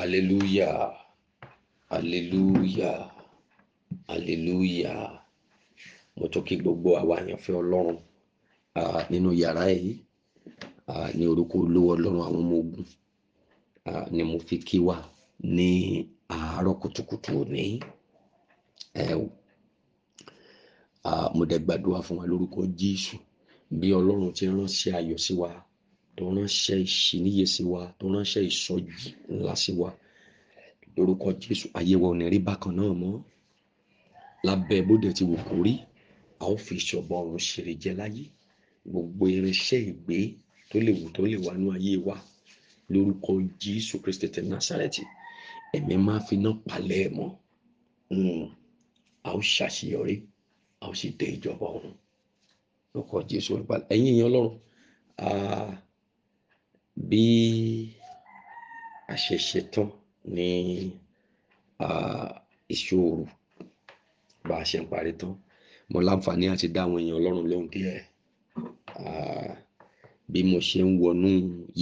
Hallelujah. Hallelujah. Hallelujah. Mo tún kí gbogbo àwa àyànfẹ́ Ọlọ́run nínú yàrá yìí ní orúkọ olówó Ọlọ́run àwọn ọmọ ogun ni mo fi kí wa ní àárọ̀ kùtùkùtù òní. Mo dẹ̀ gbàdúrà fún wa lórúkọ Jésù bí Ọlọ́run ti ránṣẹ́ ayọ̀ sí wa tó ránṣẹ́ ìṣìníye sí wa tó ránṣẹ́ ìsọjí ńlá sí wa lórúkọ Jésù ayé wa ò ní rí bákan náà mọ́ lábẹ́ bóde ti wù kó rí a ó fi ìṣọ̀bọ ọ̀run ṣeré jẹ láyé gbogbo irinṣẹ́ ìgbé tó lè wù tó lè wà nú ayé wa lórúkọ Jésù Kristi ti Násárẹ́tì ẹ̀mí máa fi náà palẹ̀ mọ́ hmm, a ó ṣàṣeyọrí a ó sì dé ìjọba ọ̀run lórúkọ Jésù ẹ̀yin èèyàn Ọlọ́run bí a ṣe ṣetán ní um bá a ṣe ń parí tán mo láǹfààní àti dá àwọn èèyàn ọlọ́run lóhùn díẹ̀ um bí mo ṣe ń wọnú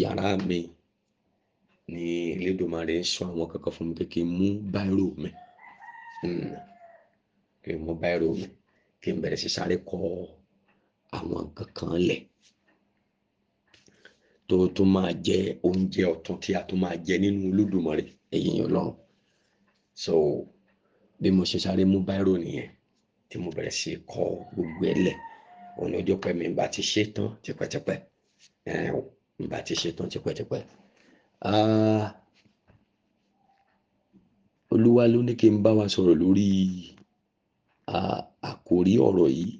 yàrá mi ni elédùnmarè ń sọ àwọn kankan fún mi pé kí n mú báírò mi hmm, kí n mú báírò mi kí n bẹ̀rẹ̀ sí sáré kọ àwọn kankan lẹ̀ tó tún máa jẹ oúnjẹ ọ̀tun tí a tún máa jẹ nínú olódùmarè ẹ̀yìn ọlọ́run so bí mo ṣe sáré mú báírò nìyẹn tí mo bẹ̀rẹ̀ sí kọ gbogbo ẹ̀ lẹ̀ òun ni ọjọ́ pẹ́ mi ìgbà ti ṣe tán tipẹ́tipẹ́ ìgbà ti ṣe tán tipẹ́tipẹ́ olúwa ló ní kí n bá wa sọ̀rọ̀ lórí àkòrí ọ̀rọ̀ yìí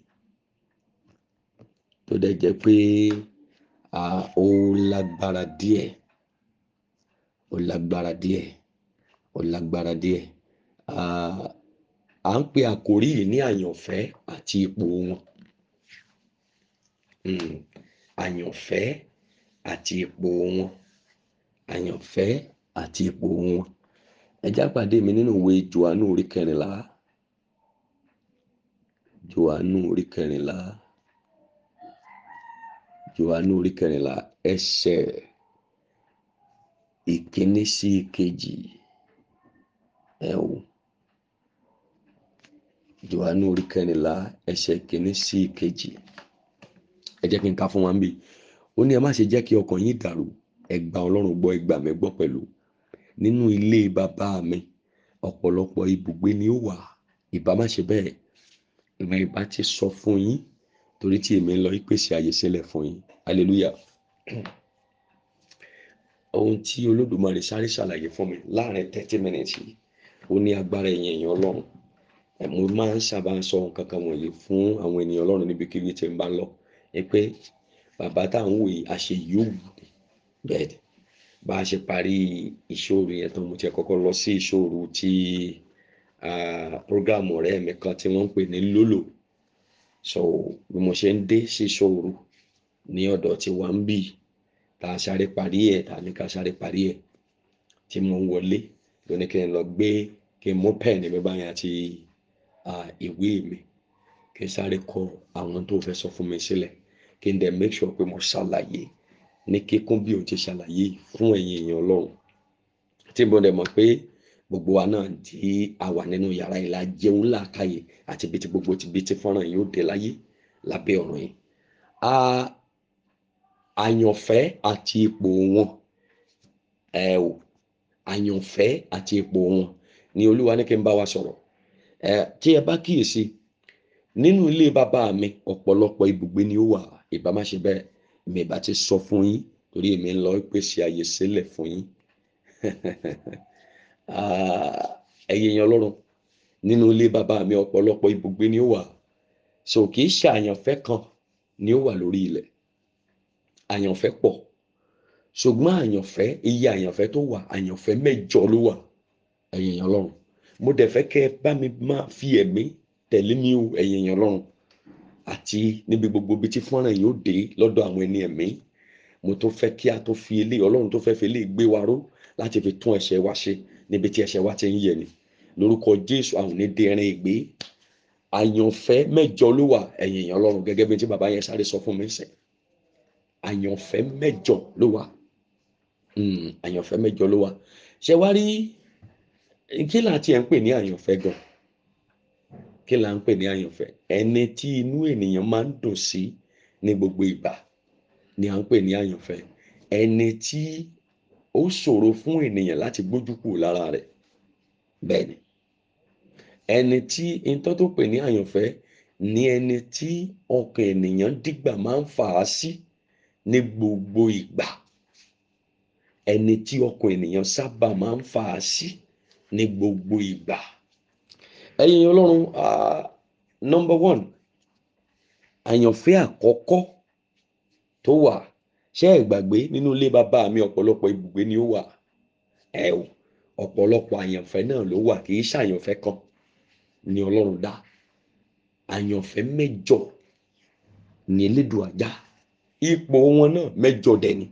tó dẹ̀ jẹ́ pé. Pe ó lágbára díẹ̀ ó lágbára díẹ̀ ó lágbára díẹ̀ à ń pe àkórí yìí ní hmm, àyànfẹ́ àti ipò wọn àyànfẹ́ àti ipò wọn àyànfẹ́ àti ipò wọn ẹjá pàdé mi nínú ìwé Jòhánù orí kẹrìnlá Jòhánù orí kẹrìnlá. Jòhánù orí kẹrìnlá ẹsẹ̀ ìkíní sí ìkejì ẹ wò Jòhánù orí kẹrìnlá ẹsẹ̀ ìkíní sí ìkejì ẹ jẹ́ kí n ka fún wa ń bì ó ní ẹ má ṣe jẹ́ kí ọkàn yín dàrú ẹ Ọlọ́run gbọ́ ẹ gbà pẹ̀lú nínú ilé bàbá mi ọ̀pọ̀lọpọ̀ ibùgbé ni ó wà ìbá má ṣe bẹ́ẹ̀ ìmọ̀ ìbá ti sọ fún yín torí tí èmi ń lọ ìpèsè àyè sílẹ̀ fún yín aleluya ohun tí olódùmarè sáré ṣàlàyé fún mi láàrin thirty minutes yìí ó ní agbára ẹ̀yìn ẹ̀yìn ọlọ́run mo máa ń sábà sọ nǹkan kan wọ̀nyí fún àwọn ènìyàn ọlọ́run níbikíbi tí ń bá lọ ẹ pé bàbá tá à ń wòye àṣeyìí òwú bẹ́ẹ̀ bá a ṣe parí ìṣòro yẹn tán mo ti kọ́kọ́ lọ sí ìṣòro tí programu ọ̀rẹ́ mi kan tí wọ́n ń pè ní lólò so bí mo ṣe ń dé sí ṣòro ní ọ̀dọ̀ tí wà ń bì tá a sáré parí ẹ̀ tá a ní ká sáré parí ẹ̀ tí mo ń wọlé lóní kí n lọ gbé kí n mú pẹ́ẹ̀nì mi báyìí àti ìwé mi kí n sáré kọ àwọn tó fẹ́ sọ fún mi sílẹ̀ kí n dẹ̀ make sure pé mo ṣàlàyé ní kíkún bí o ti ṣàlàyé fún ẹ̀yin èèyàn ọlọ́run tí mo dẹ̀ mọ̀ pé gbogbo wa náà tí a wà nínú yàrá ìlà jẹun làákàyè àti bíi ti gbogbo ti bíi ti fọ́nrán yìí ó dé láyé lábẹ́ ọ̀ràn yìí àyànfẹ́ àti ipò wọn àyànfẹ́ àti ipò wọn ni olúwa ní kí n bá wa sọ̀rọ̀ ẹ tí ẹ bá kíyèsí nínú ilé bàbá mi ọ̀pọ̀lọpọ̀ ibùgbé ni ó wà ìbá má ṣe bẹ́ẹ̀ mi ti sọ fún yín torí èmi ń lọ pèsè àyè sílẹ̀ fún yín ẹ̀yẹ yẹn ọlọ́run nínú ilé bàbá mi ọ̀pọ̀lọpọ̀ ibùgbé ni ó wà so kì í ṣe àyànfẹ́ kan ni ó wà lórí ilẹ̀ àyànfẹ́ pọ̀ ṣùgbọ́n àyànfẹ́ iye àyànfẹ́ tó wà àyànfẹ́ mẹ́jọ ló wà ẹ̀yẹ yẹn ọlọ́run mo dẹ̀ fẹ́ kẹ́ ẹ bá mi máa fi ẹ̀mí tẹ̀lé mi o ẹ̀yẹ yẹn ọlọ́run àti níbi gbogbo bíi tí fọ́nrán yìí ó dé lọ́dọ̀ àwọn ẹni ẹ̀mí mo tó fẹ́ kí a tó fi eléyìí ọlọ́run tó fẹ́ fi eléyìí gbé wa ró láti fi tún ẹ̀ṣẹ̀ wa ṣe níbi tí ẹsẹ̀ wa ti ń yẹ ni lórúkọ jésù àwọn ò ní dẹrin ìgbé àyànfẹ́ mẹ́jọ ló wà ẹ̀yìn èèyàn ọlọ́run gẹ́gẹ́ bí tí bàbá yẹn sáré sọ fún mi sẹ́ àyànfẹ́ mẹ́jọ ló wà hmm, àyànfẹ́ mẹ́jọ ló wà ṣé wá rí kí là ti ẹ̀ ń pè ní àyànfẹ́ gan kí là ń pè ní àyànfẹ́ ẹni tí inú ènìyàn máa ń dùn sí ní gbogbo ìgbà ni à ń pè ní àyànfẹ́ ẹni Tí ó ṣòro fún ènìyàn láti gbójú kúrò lára rẹ̀ bẹ́ẹ̀ ni ẹni tí nǹkan tó pè ní àyànfẹ́ ni ẹni tí ọkàn ènìyàn dìgbà máa ń fà á sí ní gbogbo ìgbà ẹni tí ọkàn ènìyàn sábà máa ń fà á sí ní gbogbo ìgbà ẹ̀yin ọlọ́run number one àyànfẹ́ àkọ́kọ́ tó wà ṣé ẹ gbàgbé nínú ilé bàbá mi ọ̀pọ̀lọpọ̀ ibùgbé ni ó wà ẹ o ọ̀pọ̀lọpọ̀ àyànfẹ́ náà ló wà kì í ṣàyànfẹ́ kan ni ọlọ́run dá àyànfẹ́ mẹ́jọ ni elédùà dá ipò wọn náà mẹ́jọ dẹ̀ ni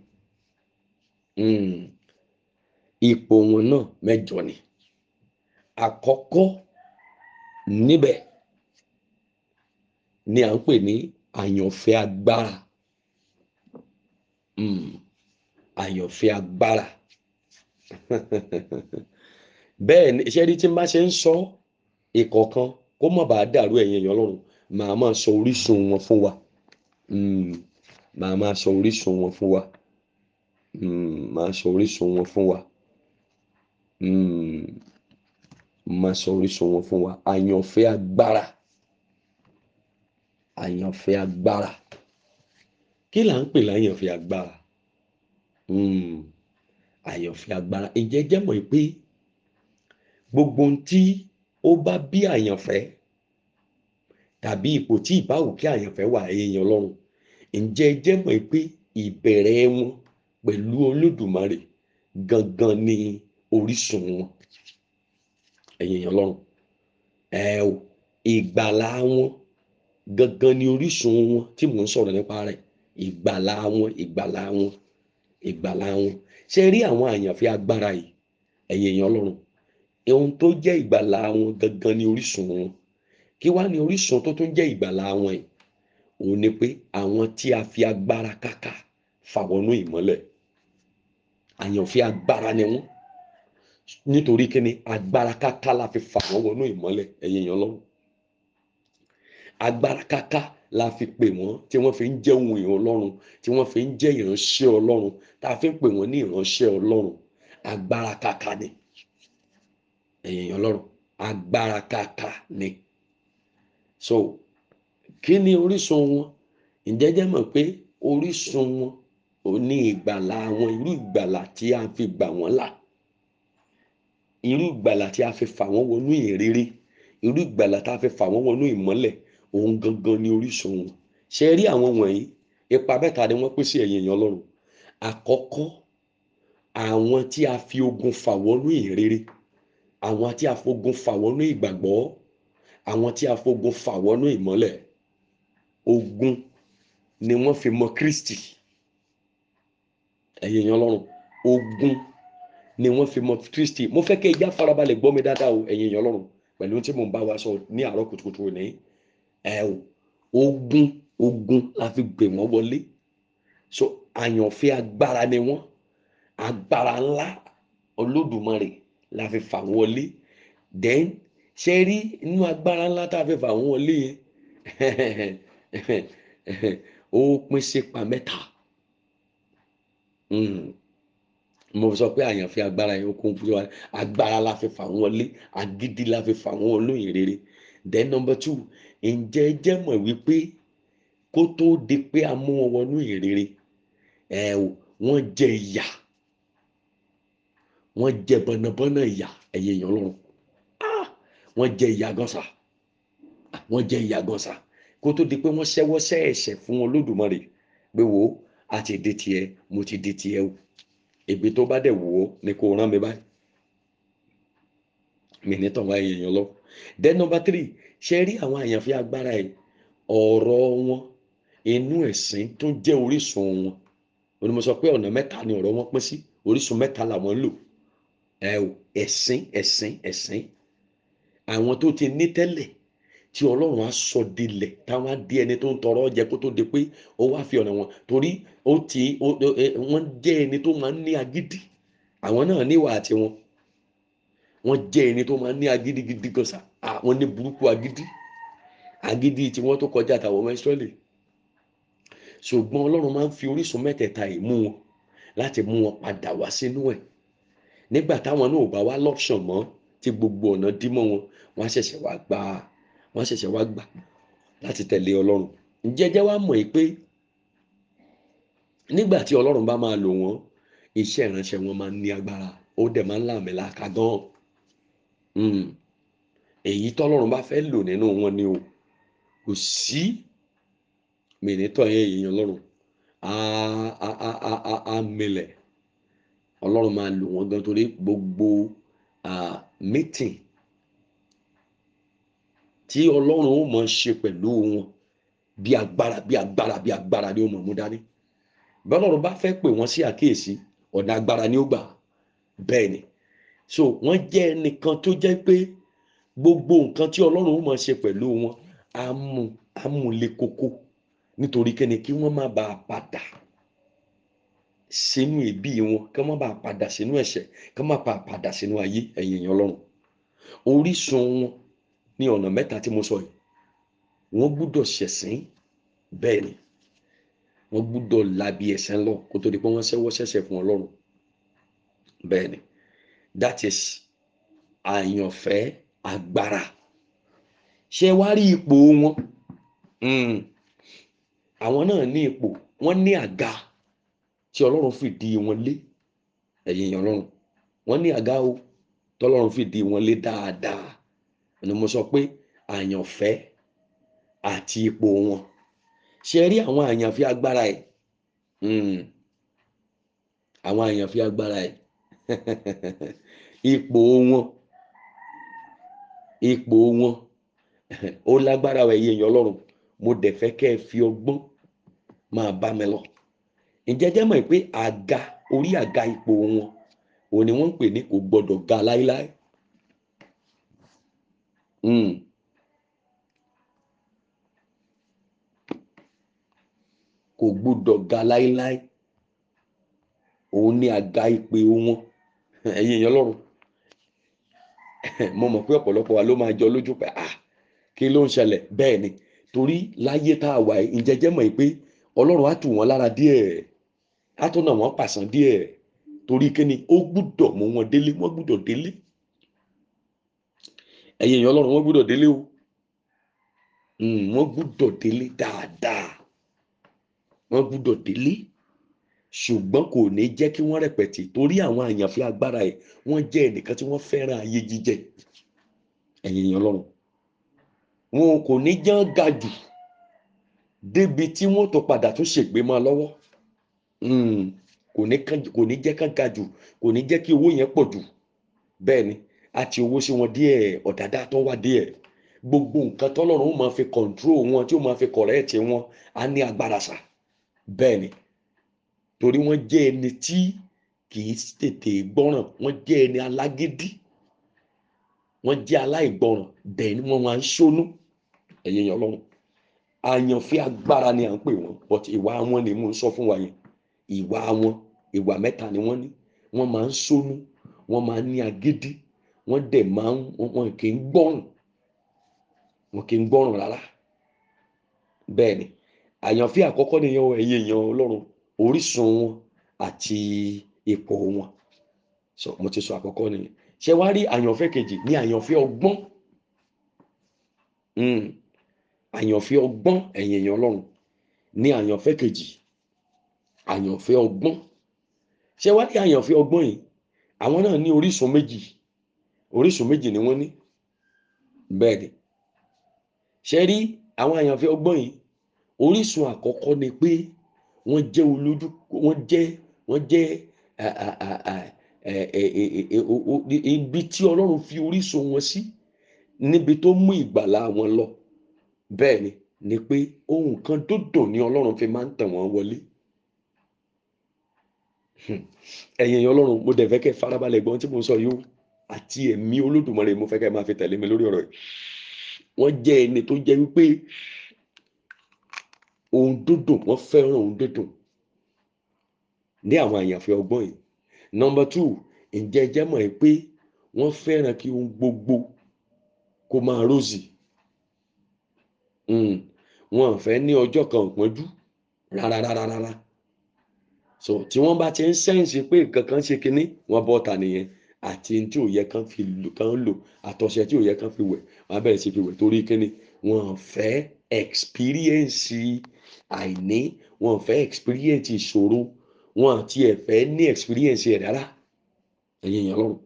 hmm, ipò wọn náà mẹ́jọ ni àkọ́kọ́ níbẹ̀ ni à ń pè ní àyànfẹ́ agbára Mm. àyànfẹ́ agbára bẹ́ẹ̀ ni iṣẹ́ rí tí n bá ṣe ń sọ ìkọ̀ọ̀kan kó má bàa dàrú ẹ̀yin èèyàn ọlọ́run màá máa sọ orísun wọn fún wa mm. màá máa sọ orísun wọn fún wa mm. màá sọ orísun wọn fún wa màá sọ orísun wọn fún wa àyànfẹ́ agbára àyànfẹ́ agbára kí là ń pè láyànfẹ́ agbára hmm, àyànfẹ́ agbára ìjẹ́ jẹ́mọ̀ pé gbogbo ohun tí ó bá bí àyànfẹ́ tàbí ipò tí ìbáwò kí àyànfẹ́ wà èèyàn lọ́rùn ǹjẹ́ jẹ́mọ̀ pé ìbẹ̀rẹ̀ wọn pẹ̀lú olódùmarè gangan ni orísun wọn ẹ̀yin èèyàn lọ́rùn ìgbàlá wọn gangan ni orísun wọn tí mò ń sọ̀rọ̀ nípa rẹ̀ ìgbàlà wọn ìgbàlà wọn ìgbàlà wọn ṣe rí àwọn àyànfẹ́ agbára yìí ẹ̀yin èèyàn ọlọ́run ohun tó jẹ́ ìgbàlà wọn gangan ni orísun wọn kí wá ní orísun tó tún jẹ́ ìgbàlà wọn yìí òun ni pé àwọn tí a fi agbára kàkà fàwọnú ìmọ́lẹ̀ àyànfẹ́ agbára ni wọn nítorí kíni agbára kàkà la fi fàwọn wọnú ìmọ́lẹ̀ ẹ̀yin èèyàn ọlọ́run agbára kàkà la fi pè wọ́n tí wọ́n fi ń jẹ́ ohun ìran ọlọ́run tí wọ́n fi ń jẹ́ ìránṣẹ́ ọlọ́run tá a fi ń pè wọ́n ní ìránṣẹ́ ọlọ́run agbára kàkà ni ẹ̀yìn ọlọ́run agbára kàkà ni so kí ni orísun wọn ǹjẹ́ jẹ́ mọ̀ pé orísun wọn ò ní ìgbàlà àwọn irú ìgbàlà tí a fi gbà wọ́n là irú ìgbàlà tí a fi fà wọ́n wọnú ìrírí irú ìgbàlà tá a fi fà wọ́n wọnú ìmọ́lẹ̀ òun gangan ni orísun wọn ṣe rí àwọn wọ̀nyí ipa mẹ́ta ni wọ́n pín sí ẹ̀yìn èèyàn ọlọ́run àkọ́kọ́ àwọn tí a fi ogun fà wọnú ìrere àwọn tí a fogun fà wọnú ìgbàgbọ́ àwọn tí a fogun fà wọnú ìmọ́lẹ̀ ogun ni wọ́n fi mọ Kristi ẹ̀yìn èèyàn ọlọ́run ogun ni wọ́n fi mọ Kristi mo fẹ́ kẹ́ ẹ já farabalẹ̀ gbọ́ mi dáadáa o ẹ̀yìn èèyàn ọlọ́run pẹ̀lú tí mo ń bá wa sọ ní àárọ̀ kùtùkùtù òní ẹ ogun ogun la fi gbè wọ́n wọlé so àyànfẹ́ agbára ni wọ́n agbára ńlá olódùmarè la fi fà wọ́n wọlé then ṣe rí inú agbára ńlá tá a fi fà wọ́n wọlé yẹn ó pín sípa mẹ́ta hmm. mo sọ pé àyànfẹ́ agbára yẹn ó kún fún wa agbára la fi fà wọ́n wọlé agídí la fi fà wọ́n olóyìn rere then number two ǹjẹ́ ẹ jẹ́ mọ̀ wípé kó tó di pé a mú wọn wọnú ìrere ẹ wọ́n jẹ ìyà wọ́n jẹ bọ̀nàbọ̀nà ìyà ẹ̀yẹ èèyàn ọlọ́run ah! wọ́n jẹ ìyà gọ́sà wọ́n jẹ ìyà gọ́sà kó tó di pé wọ́n ṣẹ́wọ́ sẹ́ ẹ̀ṣẹ̀ fún wọn lódùmarè pé wò ó a ti di tiẹ̀ mo ti di tiẹ̀ o ègbé tó bá dẹ̀ wò ó ni kò rán mi báyìí mi ní tàn wá èèyàn lọ then number three ṣe rí àwọn àyànfẹ́ agbára yìí ọ̀rọ̀ wọn inú ẹ̀sìn tó jẹ́ orísun wọn òní mo sọ pé ọ̀nà mẹ́ta ni ọ̀rọ̀ wọn pín sí orísun mẹ́ta làwọn lò ẹ o ẹ̀sìn ẹ̀sìn ẹ̀sìn àwọn tó ti ní tẹ́lẹ̀ tí ọlọ́run á sọ dilẹ̀ táwọn á di ẹni tó ń tọrọ jẹ kó tó di pé ó wá fi ọ̀nà wọn torí ó ti wọ́n jẹ́ ẹni tó máa ń ní agídí àwọn náà níwà àti wọn wọ́n jẹ́ ẹni tó máa ní agídí gidi gan sa àwọn ní burúkú agídí agídí tí wọ́n tó kọjá àtàwọn ọmọ ìsírẹ́lì ṣùgbọ́n ọlọ́run máa ń fi orísun mẹ́tẹ̀ẹ̀ta yìí mú wọn láti mú wọn padà wá sínú ẹ̀ nígbà táwọn náà ò bá wá lọ́pṣọ̀n mọ́ tí gbogbo ọ̀nà dí mọ́ wọn wọ́n á ṣẹ̀ṣẹ̀ wá gbà wọ́n á ṣẹ̀ṣẹ̀ wá gbà láti tẹ̀lé ọlọ́run ǹjẹ́jẹ́ wá mọ̀ yìí pé nígbà tí ọlọ́run bá máa lò wọ́n iṣẹ́ ìránṣẹ́ wọn máa ń ní agbára ó dẹ̀ máa ń làmìlaka gan-an Hmm. èyí tọ́lọ́run bá fẹ́ lò nínú wọn ni o kò sí mìnítọ́ yẹn èèyàn lọ́rùn a milẹ̀ ọlọ́run máa lò wọ́n gan torí gbogbo mítìn tí ọlọ́run ó mọ̀ ṣe pẹ̀lú wọn bí agbára bí agbára bí agbára ni ó mọ̀ mú dání bọ́lọ́run bá fẹ́ pè wọ́n sí àkíyèsí ọ̀nà agbára ni ó gbà bẹ́ẹ̀ ni so wọ́n jẹ́ ẹnìkan tó jẹ́ pé gbogbo nǹkan tí ọlọ́run ó máa ṣe pẹ̀lú wọn á mú á mú le koko nítorí kẹ́ni kí wọ́n má bàa padà sínú ẹbí wọn kí wọ́n má bàa padà sínú ẹ̀ṣẹ̀ kí wọ́n má bàa padà sínú ayé ẹ̀yìn ẹ̀yìn ọlọ́run orísun wọn ní ọ̀nà mẹ́ta tí mo sọ yìí wọ́n gbúdọ̀ ṣẹ̀sìn bẹ́ẹ̀ ni wọ́n gbúdọ̀ labi ẹ̀sẹ̀ lọ kó tó di pé wọ́n ṣẹ́wọ́ ṣẹ̀ṣẹ̀ fún ọlọ́run bẹ́ẹ̀ ni that is àyànfẹ́ agbára ṣe wá rí ipò wọn hmm. àwọn náà ní ipò wọ́n ní àga tí ọlọ́run fìdí wọn lé ẹ̀yìn èèyàn ọlọ́run wọ́n ní àga o tọ́lọ́run fìdí wọn lé dáadáa ni mo sọ pé àyànfẹ́ àti ipò wọn ṣe rí àwọn àyànfẹ́ agbára ẹ̀ hmm. àwọn àyànfẹ́ agbára ẹ̀ ipò wọn ipò wọn ó lágbára ẹ̀yìn èèyàn ọlọ́run mo dẹ̀ fẹ́ kẹ́ ẹ fi ọgbọ́n máa bá mi lọ ǹjẹ́ jẹ́ mọ̀ pé àga orí àga ipò wọn òun ni wọ́n ń pè ní ga láéláé hmm. kò gbọ́dọ̀ ga láéláé òun ni àga ipò wọn. ẹ̀yin èèyàn lọ́rùn mo mọ̀ pé ọ̀pọ̀lọpọ̀ wa ló máa jọ lójú pé à ah, kí ló ń ṣẹlẹ̀ bẹ́ẹ̀ ni torí láyé tá a wà ìjẹ́jẹ́ mọ̀ pé ọlọ́run á tù wọ́n lára díẹ̀ á tún nà wọ́n pàṣán díẹ̀ torí kíni ó gbúdọ̀ mú wọn délé wọ́n gbúdọ̀ délé ẹ̀yin èèyàn ọlọ́run wọ́n gbúdọ̀ délé o hmm, wọ́n gbúdọ̀ délé dáadáa wọ́n gbúdọ̀ délé ṣùgbọ́n kò ní jẹ́ kí wọ́n rẹpẹ̀tì torí àwọn àyànfẹ́ agbára ẹ̀ wọ́n jẹ́ ẹnìkan tí wọ́n fẹ́ràn ayé jíjẹ ẹ̀yìn èèyàn lọ́rùn wọn kò ní jẹ́ ga jù débi tí wọ́n tó padà tún ṣègbè máa lọ́wọ́ hmm, kò ní jẹ́ kán ga jù kò ní jẹ́ kí owó yẹn pọ̀ jù bẹ́ẹ̀ ni àti owó sí wọn díẹ̀ ọ̀dàdá tó wá díẹ̀ gbogbo nǹkan tọ́lọ́run ó máa fi kọ̀ǹtró wọn tí ó máa fi kọ̀rẹ́ẹ̀tì wọn á ní agbára sà bẹ́ẹ̀ ni torí wọ́n jẹ́ ẹni tí kì í tètè gbọ́ràn wọ́n jẹ́ ẹni alágídí wọ́n jẹ́ aláìgbọ́ràn dẹ̀ ni wọ́n máa ń ṣónú ẹ̀yìn èèyàn ọlọ́run agbára ni à ń pè wọ́n but ìwà wọn ni mò ń sọ fún wa yẹn ìwà wọn ìwà mẹ́ta ni wọ́n ní wọ́n máa ń ṣónú wọ́n máa ń ní agídí wọ́n dẹ̀ máa ń wọn kì í gbọ́ràn wọn kì í gbọ́ràn rárá bẹ́ẹ̀ ni àyànfẹ́ àkọ́kọ́ nìyẹn ẹ̀yìn èèyàn ọlọ́run orísun wọn àti ipò wọn so mo ti sọ àkọ́kọ́ nìyẹn ṣé wá rí àyànfẹ́ kejì ní àyànfẹ́ ọgbọ́n hmm. àyànfẹ́ ọgbọ́n ẹ̀yìn èèyàn ọlọ́run ní àyànfẹ́ kejì àyànfẹ́ ọgbọ́n ṣé wá rí àyànfẹ́ ọgbọ́n yìí àwọn náà ní orísun méjì orísun méjì ni wọ́n ní bẹ́ẹ̀ ni ṣé rí àwọn àyànfẹ́ ọgbọ́n yìí orísun àkọ́kọ́ ni pé. Pe wọ́n jẹ́ olójú wọ́n jẹ́ wọ́n jẹ́ ibi tí ọlọ́run fi orísun wọn sí níbi tó mú ìgbàlá wọn lọ bẹ́ẹ̀ ni ni pé ohun kan dòdò ni ọlọ́run fi máa ń tàn wọ́n wọlé hmm. ẹ̀yin ẹ̀yin ọlọ́run mo dẹ̀ fẹ́ kẹ́ farabalẹ̀ gbọ́n tí mo sọ yìí àti ẹ̀mí olódùmarè mo fẹ́ kẹ́ máa fi tẹ̀lé mi lórí ọ̀rọ̀ yìí wọ́n jẹ́ ẹni tó jẹ́ wípé ohun dúdùn wọ́n fẹ́ràn ohun dúdùn ní àwọn àyànfẹ́ ọgbọ́n yìí number two ǹjẹ́ ẹjẹ́ mọ̀ ẹ́ pé wọ́n fẹ́ràn kí ohun gbogbo kó máa rosy hmm, wọn ò fẹ́ ní ọjọ́ kan òpọ́njú rárá rárá rárá so tí wọ́n bá ti ń sẹ́ǹsì pé nǹkan kan ṣe kinní wọ́n bọ́ ta nìyẹn àti tí ò yẹ kán fi kán lò àtọ̀ṣẹ tí ò yẹ kán fi wẹ̀ wọ́n á bẹ̀rẹ̀ sí fi wẹ̀ torí kinní wọ́n fẹ́ experience àìní wọn fẹ́ experience ìṣòro wọn àti ẹ̀fẹ́ ní experience ẹ̀ rárá ẹ̀yìn èèyàn lọ́rùn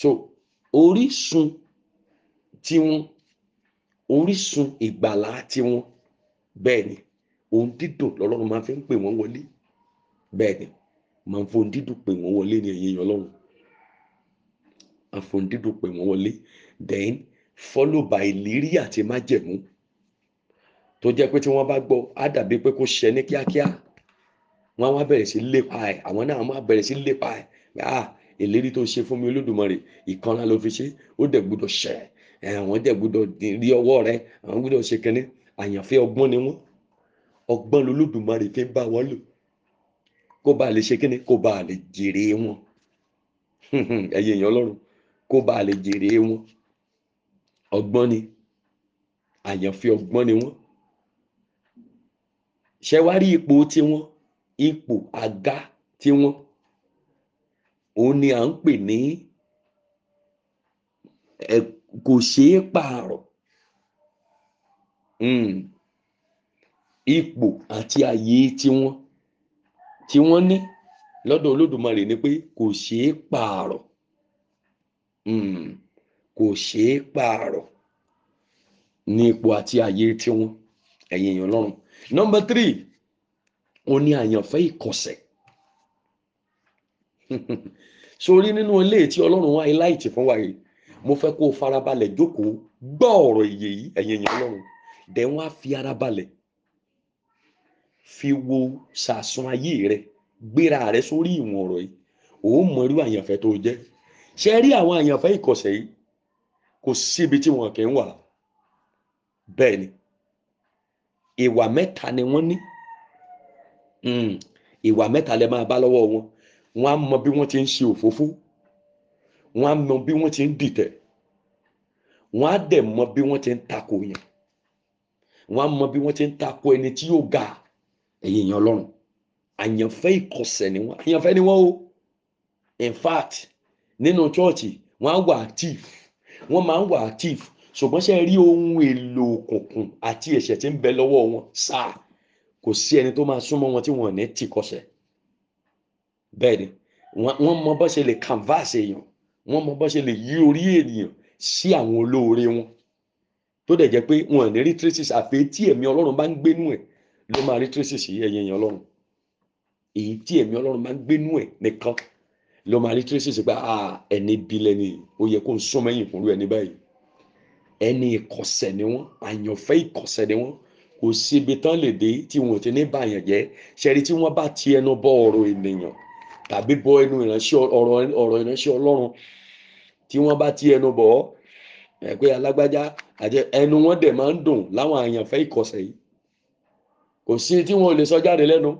so orísun tiwọn orísun ìgbàlá tiwọn bẹ́ẹ̀ ni ohun dídùn lọ́lọ́run máa fi ń pè wọ́n wọlé bẹ́ẹ̀ ni máa ń fohùn dídùn pè wọ́n wọlé ní ẹ̀yìn èèyàn lọ́rùn àfohùn dídùn pè wọ́n wọlé then follow by ìlérí àti májẹ̀mú tó jẹ́ pé tí wọ́n bá gbọ́ á dàbí pé kó ṣẹ ní kíákíá wọ́n á wá bẹ̀rẹ̀ sí lépa ẹ̀ àwọn náà wọ́n á bẹ̀rẹ̀ sí lépa ẹ̀ ah ìlérí tó ṣe fún mi olódùmarè ìkanra ló fi ṣe ó dẹ̀ gbúdọ̀ ṣẹ àwọn dẹ̀ gbúdọ̀ rí ọwọ́ rẹ àwọn gbúdọ̀ ṣe kínní àyànfẹ́ ọgbọ́n ni wọ́n ọgbọ́n lolódùmarè fi bá wọn lò kó bá lè ṣe kínní kó bá lè jèrè wọn ẹ̀yìn èèyàn ọlọ́run kó bá lè jèrè wọn ọgbọ́n ni àyànfẹ́ ọgbọ́n ni wọ́n ṣe wá rí ipò tiwọn ipò àga tiwọn òun ni à ń pè ní ẹ kò ṣeé pààrọ̀ hmm. ipò àti àyè tiwọn tí wọ́n ní lọ́dọ̀ olódùmarè ni pé kò ṣeé pààrọ̀ hmm. kò ṣeé pààrọ̀ ní ipò àti àyè tiwọn ẹ̀yin èèyàn number three oni ní àyànfẹ́ ìkọ̀sẹ̀ sórí nínú ilé tí ọlọ́run wá iláìtì fún wa yìí mo fẹ́ kó o farabalẹ̀ jókòó gbọ́ ọ̀rọ̀ ìyè yìí ẹ̀yìn ẹ̀yìn ọlọ́run dẹ̀ wọ́n á fi ara balẹ̀ fi wo sàsun ayé rẹ gbéra rẹ sórí ìwọ̀n ọ̀rọ̀ yìí ò mọ irú àyànfẹ́ tó jẹ́ ṣe rí àwọn àyànfẹ́ ìkọ̀sẹ̀ yìí kò síbi tí wọn kì í wà bẹ́ẹ̀ ni ìwà mẹ́ta ni wọ́n ní hmm, ìwà mẹ́ta lẹ máa bá lọ́wọ́ wọn wọ́n á mọ bí wọ́n ti ń ṣe òfófó wọ́n á mọ bí wọ́n ti ń dìtẹ̀ wọ́n á dẹ̀ mọ bí wọ́n ti ń takò yẹn wọ́n á mọ bí wọ́n ti ń takò ẹni tí yóò ga ẹ̀yìn yẹn ọlọ́run àyànfẹ́ ìkọsẹ̀ ni wọ́n àyànfẹ́ ni wọ́n o in fact nínú chọ́ọ̀chì wọ́n á wà active wọ́n máa ń wà active ṣùgbọ́n ṣe rí ohun èlò òkùnkùn àti ẹ̀ṣẹ̀ tí ń bẹ lọ́wọ́ wọn sáà kò sí ẹni tó máa súnmọ́ wọn tí wọn ò ní tì kọsẹ̀ bẹ́ẹ̀ ni wọ́n mọ bó ṣe lè canvas èèyàn wọ́n mọ bó ṣe lè yí orí ènìyàn sí àwọn olóore wọn tó dẹ̀ jẹ́ pé wọn ò ní rí traces àfi tí ẹ̀mí ọlọ́run bá ń gbénú ẹ̀ ló máa rí traces yìí ẹ̀yìn ẹ̀yìn ọlọ́run èyí tí ẹ̀mí ọlọ́run bá ń gbénú ẹ̀ nìkan ló máa rí traces pé ah, ẹni bí lẹ́ni ó yẹ kó ń sún mẹ́yìn fúnrú ẹni báyìí ẹni ìkọ̀sẹ̀ ni wọ́n àyànfẹ́ ìkọ̀sẹ̀ ni wọ́n kò sí ibi tán lè dé tí wọn ò ti ní bàyàn jẹ́ ṣẹ́rí tí wọ́n bá ti ẹnu bọ ọ̀rọ̀ ènìyàn tàbí bọ ẹnu ìránṣẹ́ ọ̀rọ̀ ìránṣẹ́ ọlọ́run tí wọ́n bá ti ẹnu bọ̀ ọ́ pé alágbájá àjẹ ẹnu wọn dẹ̀ máa ń dùn láwọn àyànfẹ́ ìkọ̀sẹ̀ yìí kò sí tí wọn ò lè sọ jáde lẹ́nu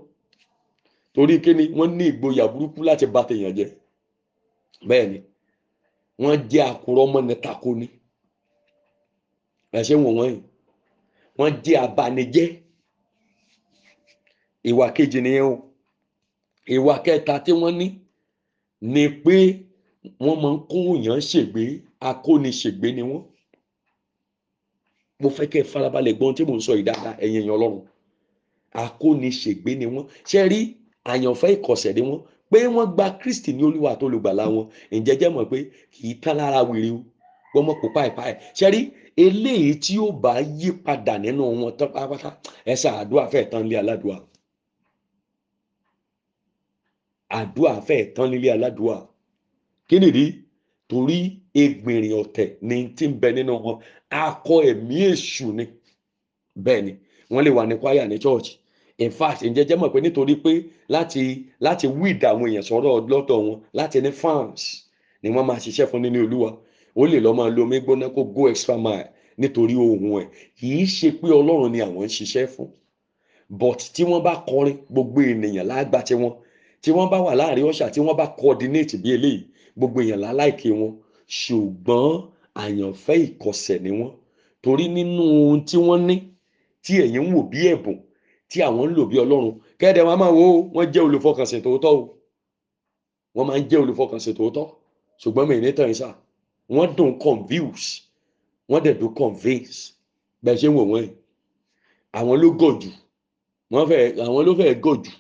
torí kíni wọ́n ní ìgboyà burúkú láti bà tèèyàn jẹ́ bẹ́ẹ̀ ni wọ́n jẹ́ àkùrọ̀ mọ́ni takoni ẹ ṣe wọ̀n wọ́n yìí wọ́n jẹ́ abanijẹ́ ìwà kejì nìyẹn o ìwà kẹta tí wọ́n ní ni pé wọ́n máa ń kó èèyàn ṣègbè akóniṣègbè ni wọ́n mo fẹ́ kẹ́ ẹ farabalẹ̀ tí mò ń sọ yìí dáadáa ẹ̀yin èèyàn ọlọ́run akóniṣègbè ni wọ́n ṣe rí àyànfẹ́ ìkọ̀sẹ̀ ni wọ́n pé wọ́n gba Kristi ní olúwa tó lùgbàlà wọn ǹjẹ́ jẹ́ pé kì í tán lára wèrè o gbọmọ kó páìpáì ṣẹ́rí eléyìí tí ó bá yí padà nínú wọn tán pátápátá ẹ̀sẹ̀ àdúrà fẹ́ẹ̀ tán lé aládùúà àdúrà fẹ́ẹ̀ tán lílé aládùúà kí nìdí torí egbìnrin ọ̀tẹ̀ ni ti ń bẹ nínú wọn akọ ẹ̀mí èṣù ni bẹ́ẹ̀ ni wọ́n lè wà ní kwaya ní chọ́ọ̀chì in fact ǹjẹ́ jẹ́ mọ̀ pé nítorí pé láti láti wíìdì àwọn èèyàn sọ̀rọ̀ lọ́tọ̀ wọn láti ní fans ni wọ́n máa ṣiṣẹ́ fún nínú olúwa ó lè lọ́ máa lo omi gbóná kó go extra mile nítorí ohun ẹ̀ kì í ṣe pé ọlọ́run ni àwọn ń ṣiṣẹ́ fún but tí wọ́n bá kọrin gbogbo ènìyàn lágbà tí wọ́n tí wọ́n bá wà láàrin ọ̀ṣà tí wọ́n bá coordinate bí eléyìí gbogbo èèyàn láláìkè wọn ṣùgbọ́n àyànfẹ́ ìkọsẹ̀ ni wọ́n torí nínú ohun tí wọ́n ní tí ẹ̀yin ń wò bí ẹ̀bùn tí àwọn ń lò bí ọlọ́run kẹ́ẹ̀dẹ̀ wọn máa wo wọ́n jẹ́ olùfọkànsìn tòótọ́ o wọ́n máa ń jẹ́ olùfọkànsìn tòótọ́ ṣùgbọ́n mi ì sáà wọ́n dùn confuse wọ́n dẹ̀ dùn convince bẹ́ẹ̀ ṣe ń wò wọ́n yìí àwọn ló gọ̀ jù wọ́n fẹ́ àwọn ló fẹ́ gọ̀ jù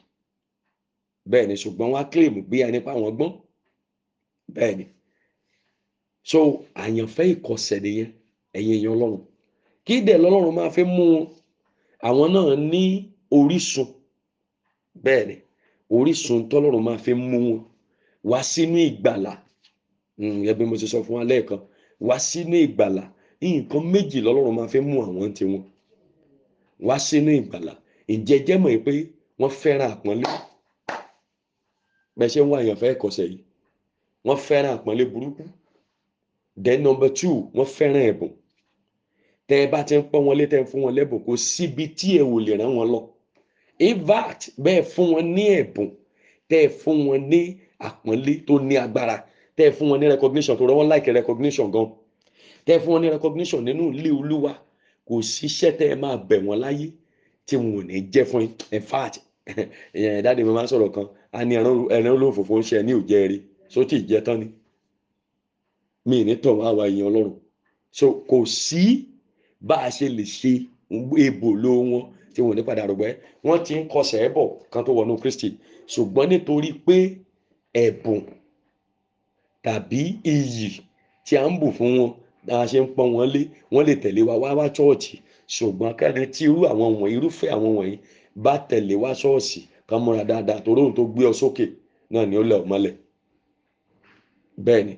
bẹ́ẹ̀ ni ṣùgbọ́n wọ́n á claim bí ẹni pa àwọn gbọ́n bẹ́ẹ̀ ni so àyànfẹ́ ìkọsẹ̀ nìyẹn ẹ̀yin èèyàn ọlọ́run kí dẹ̀ lọ́lọ́run máa fi mú wọn àwọn náà ní orísun bẹ́ẹ̀ ni orísun tọ́lọ́run máa fi mú wọn wá sínú ìgbàlà Mm, ẹgbẹ́ mo ti sọ fún wa lẹ́ẹ̀kan wá sínú ìgbàlà nǹkan méjì lọ́lọ́run máa fẹ́ mú àwọn ti wọn wá sínú ìgbàlà ìjẹ́jẹ́ mọ̀ pé wọ́n fẹ́ràn àpọ́nlé bẹ́ẹ̀ ṣe ń wá èèyàn fẹ́ kọsẹ̀ yìí wọ́n fẹ́ràn àpọ́nlé burúkú then number two wọ́n fẹ́ràn ẹ̀bùn tẹ́ ẹ bá ti ń pọ́n wọn lé tẹ́ ń fún wọn lẹ́bùn kò síbi tí ẹ ò lè rán wọn lọ evat bẹ́ẹ̀ fún wọn ní ẹ̀bùn tẹ́ ẹ fún wọn ní àpọ́nlé tó ní agbára tẹ́ ẹ fún wọn ní recognition tó rọ wọn like recognition gan tẹ́ ẹ fún wọn ní recognition nínú ilé olúwa kò síṣẹ́ tẹ́ ẹ máa bẹ̀ wọ́n láyé tí wọn ò ní jẹ́ fún in fact èèyàn ìdáde mi máa ń sọ̀rọ̀ kan a ní ẹran olófòfò ń ṣe ní òjẹ́ rí sótì ìjẹ́ tán ni mi ní tọ̀ wá wa èèyàn ọlọ́run so kò sí bá a ṣe lè ṣe ebò ló wọn tí wọn ò ní padà rọ̀gbẹ́ wọ́n ti ń kọsẹ̀ ẹ̀bọ̀ kan tó wọnú Kristi ṣùgbọ́n nítorí pé ẹ̀bùn tàbí iyì tí a ń bù fún wọn tá a ṣe ń pọ́n wọn lé wọ́n lè tẹ̀lé wa wá wá ṣọ́ọ̀ṣì ṣùgbọ́n kẹ́ni tí irú àwọn wọ̀nyí irúfẹ́ àwọn wọ̀nyí bá tẹ̀lé wá ṣọ́ọ̀ṣì kan múra dáadáa torí òun tó gbé ọ sókè náà ni ó lẹ̀ ọmọlẹ̀ bẹ́ẹ̀ ni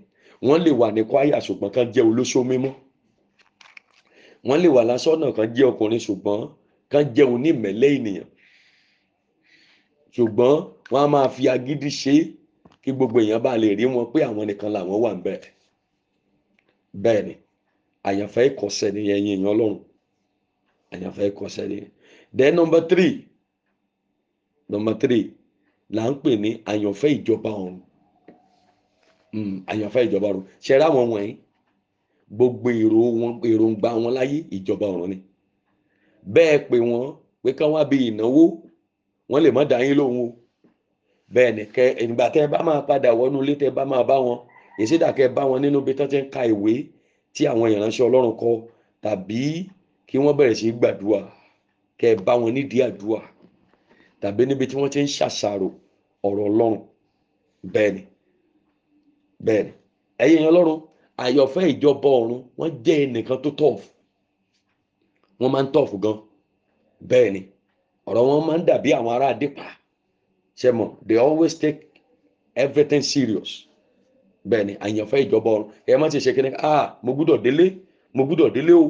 wọ́n lè wà ní kwaya ṣùgbọ́n kan jẹ́ olóṣó mímọ́ wọ́n lè wà lásọ̀nà kan jẹ́ ọkùnrin ṣùgbọ́n kan jẹ́ onímẹ̀lẹ́ ènìyàn ṣùgbọ́n wọ́n á máa fi agídí ṣe é kí gbogbo èèyàn bá lè rí wọn pé àwọn nìkan làwọn wà nbẹ bẹ bẹ́ẹ̀ ni àyànfẹ́ ìkọsẹ̀ ni ẹ̀yin èèyàn ọlọ́run àyànfẹ́ ìkọsẹ̀ ni then number three number three là ń pè ní àyànfẹ́ ìjọba ọ̀run hmm, àyànfẹ́ ìjọba ọ̀run ṣẹlẹ̀ àwọn wọ̀nyí gbogbo èrò wọn èròǹgbà wọn láyé ìjọba ọ̀run ni bẹ́ẹ̀ pé wọ́n pé káwọn bí ìnáwó wọ́n lè má dá yín lóhùn o bẹ́ẹ̀ ni kẹ ìgbà tẹ́ ẹ bá máa padà wọnú ilé tẹ́ ẹ bá máa bá wọn ìṣídà kẹ bá wọn nínú ibi tán ti ń ka ìwé tí àwọn ìránṣẹ́ ọlọ́run kọ tàbí kí wọ́n bẹ̀rẹ̀ sí gbàdúrà kẹ bá wọn nídìí àdúrà tàbí níbi tí wọ́n ti ń ṣàṣàrò ọ̀rọ̀ ọlọ́run bẹ́ẹ̀ ni bẹ́ẹ̀ ni ẹ̀yin èèyàn ọlọ́run àyọ̀fẹ́ ìjọba ọ̀run wọ́n jẹ́ ẹnìkan tó tọ̀fù wọ́n máa ń tọ̀fù gan bẹ́ẹ̀ ni ọ̀rọ̀ wọn máa ń dàbí àwọn ará adípa sẹ́mu they always take everything serious bẹ́ẹ̀ni àyànfẹ́ ìjọba ọ̀run ẹ má ti ṣe kíni ah mo gbúdọ̀ délé mo gbúdọ̀ délé o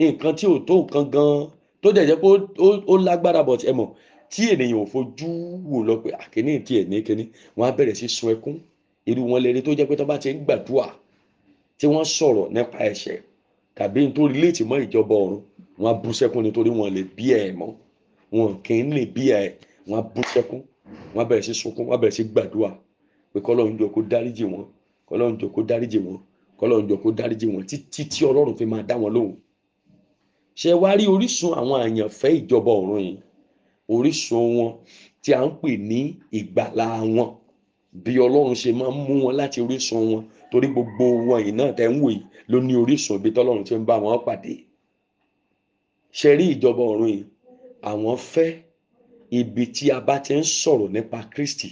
nǹkan tí ò tó nǹkan gan-an tó dẹ̀ jẹ́ pé ó lágbára but ẹ mọ̀ tí ènìyàn ò fojú wò lọ pé àkíní ah, tí ẹ̀ ní kíní wọ́n á bẹ̀rẹ̀ sí sun ẹkún irú wọn lè rí tó jẹ́ pé tó bá ti ń gbàdúrà tí wọ́n sọ̀rọ̀ nípa ẹ̀ṣẹ̀ tàbí nítorí léètì mọ́ ìjọba ọ̀run wọ́n á bú sẹ́kún nítorí wọn lè bí ẹ̀ mọ́ wọn kì í lè bí ẹ̀ wọ́n á bú sẹ́kún wọ́n bẹ̀rẹ̀ sí sunkún wọ́n bẹ̀rẹ̀ sí gbàdúrà pé kọ́lọ́run jọ kó dáríjì wọn kọ́lọ́run jọ kó dáríjì wọn kọ́lọ́run jọ kó dáríjì wọn títí tí ọlọ́run fi máa dá wọn lóhùn ṣe wá rí orísun àwọn àyànfẹ́ ìjọba ọ̀run yìí orísun wọn tí a ń pè ní ìgbàlá wọn bí ọlọ́run ṣe máa ń mú wọn láti orísun wọn torí gbogbo wọn yìí náà tẹ́ ń wò yìí ló ní orísun ibi tọ́lọ́run ti ń bá wọn pàdé ṣe rí ìjọba ọ̀run yìí àwọn fẹ́ ibi tí a bá ti ń sọ̀rọ̀ nípa Kristi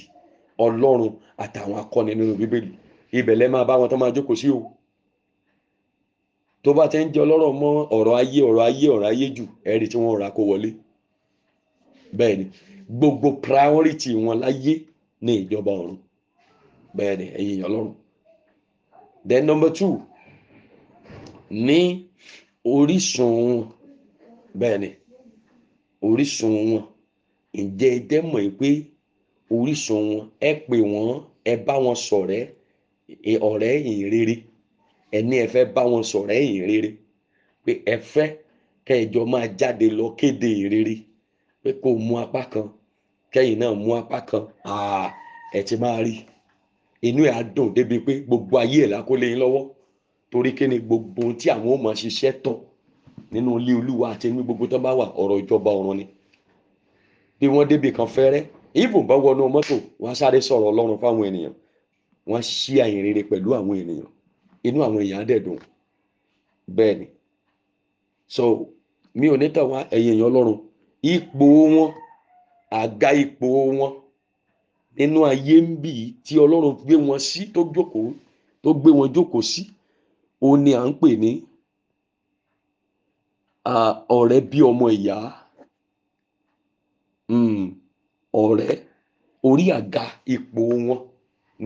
Ọlọ́run àtàwọn akọni nínú Bíbélì ibẹ̀ lẹ́ máa bá wọn tó máa jókòó sí o tó bá ti ń jẹ ọlọ́rọ̀ mọ́ ọ̀rọ̀ ayé ọ̀rọ̀ ayé ọ̀rọ̀ ayé jù ẹ̀rí tí wọ́n rà kó wọlé bẹ́ẹ̀ ni gbogbo priority wọn láyé ní ìjọba ọ̀run bẹ́ẹ̀ ni ẹ̀yin ọlọ́run then number two ní orísun wọn bẹ́ẹ̀ ni orísun wọn ǹjẹ́ ẹ dẹ́ mọ̀ pé orísun wọn ẹ pè wọ́n ẹ bá wọn sọ̀rẹ́ ọ̀rẹ́ yìí rere ẹ ní ẹ fẹ́ bá wọn sọ̀rẹ́ yìí rere pé ẹ fẹ́ kẹjọ máa jáde lọ kéde ìrere pé kò mú apá kan kẹyìn náà mú apá kan ẹ ti máa rí inú ẹ á dùn débi pé gbogbo ayé ẹ lákólé yín lọ́wọ́ torí kí ni gbogbo tí àwọn ò máa ṣiṣẹ́ tọ̀ nínú ilé olúwa àti inú gbogbo tó bá wà ọ̀rọ̀ ìjọba ọ̀run ni bí wọ́n débi kan fẹ́rẹ́ even bá wọnú mọ́tò wọ́n sáré sọ̀rọ̀ ọlọ́run fáwọn ènìyàn wọ́n ṣí àyìn rere pẹ̀lú àwọn ènìyàn inú àwọn èèyàn á dẹ̀ dùn bẹ́ẹ̀ ni so mi ò ní tàwa ẹ̀yìn èèyàn ọlọ́run ipò wọn àga ipò wọn nínú ayé ń bì tí ọlọ́run gbé wọn sí tó jókòó tó gbé wọn jókòó sí òun ni à ń pè ní ọ̀rẹ́ bí ọmọ ìyá ọ̀rẹ́ orí àga ipò wọn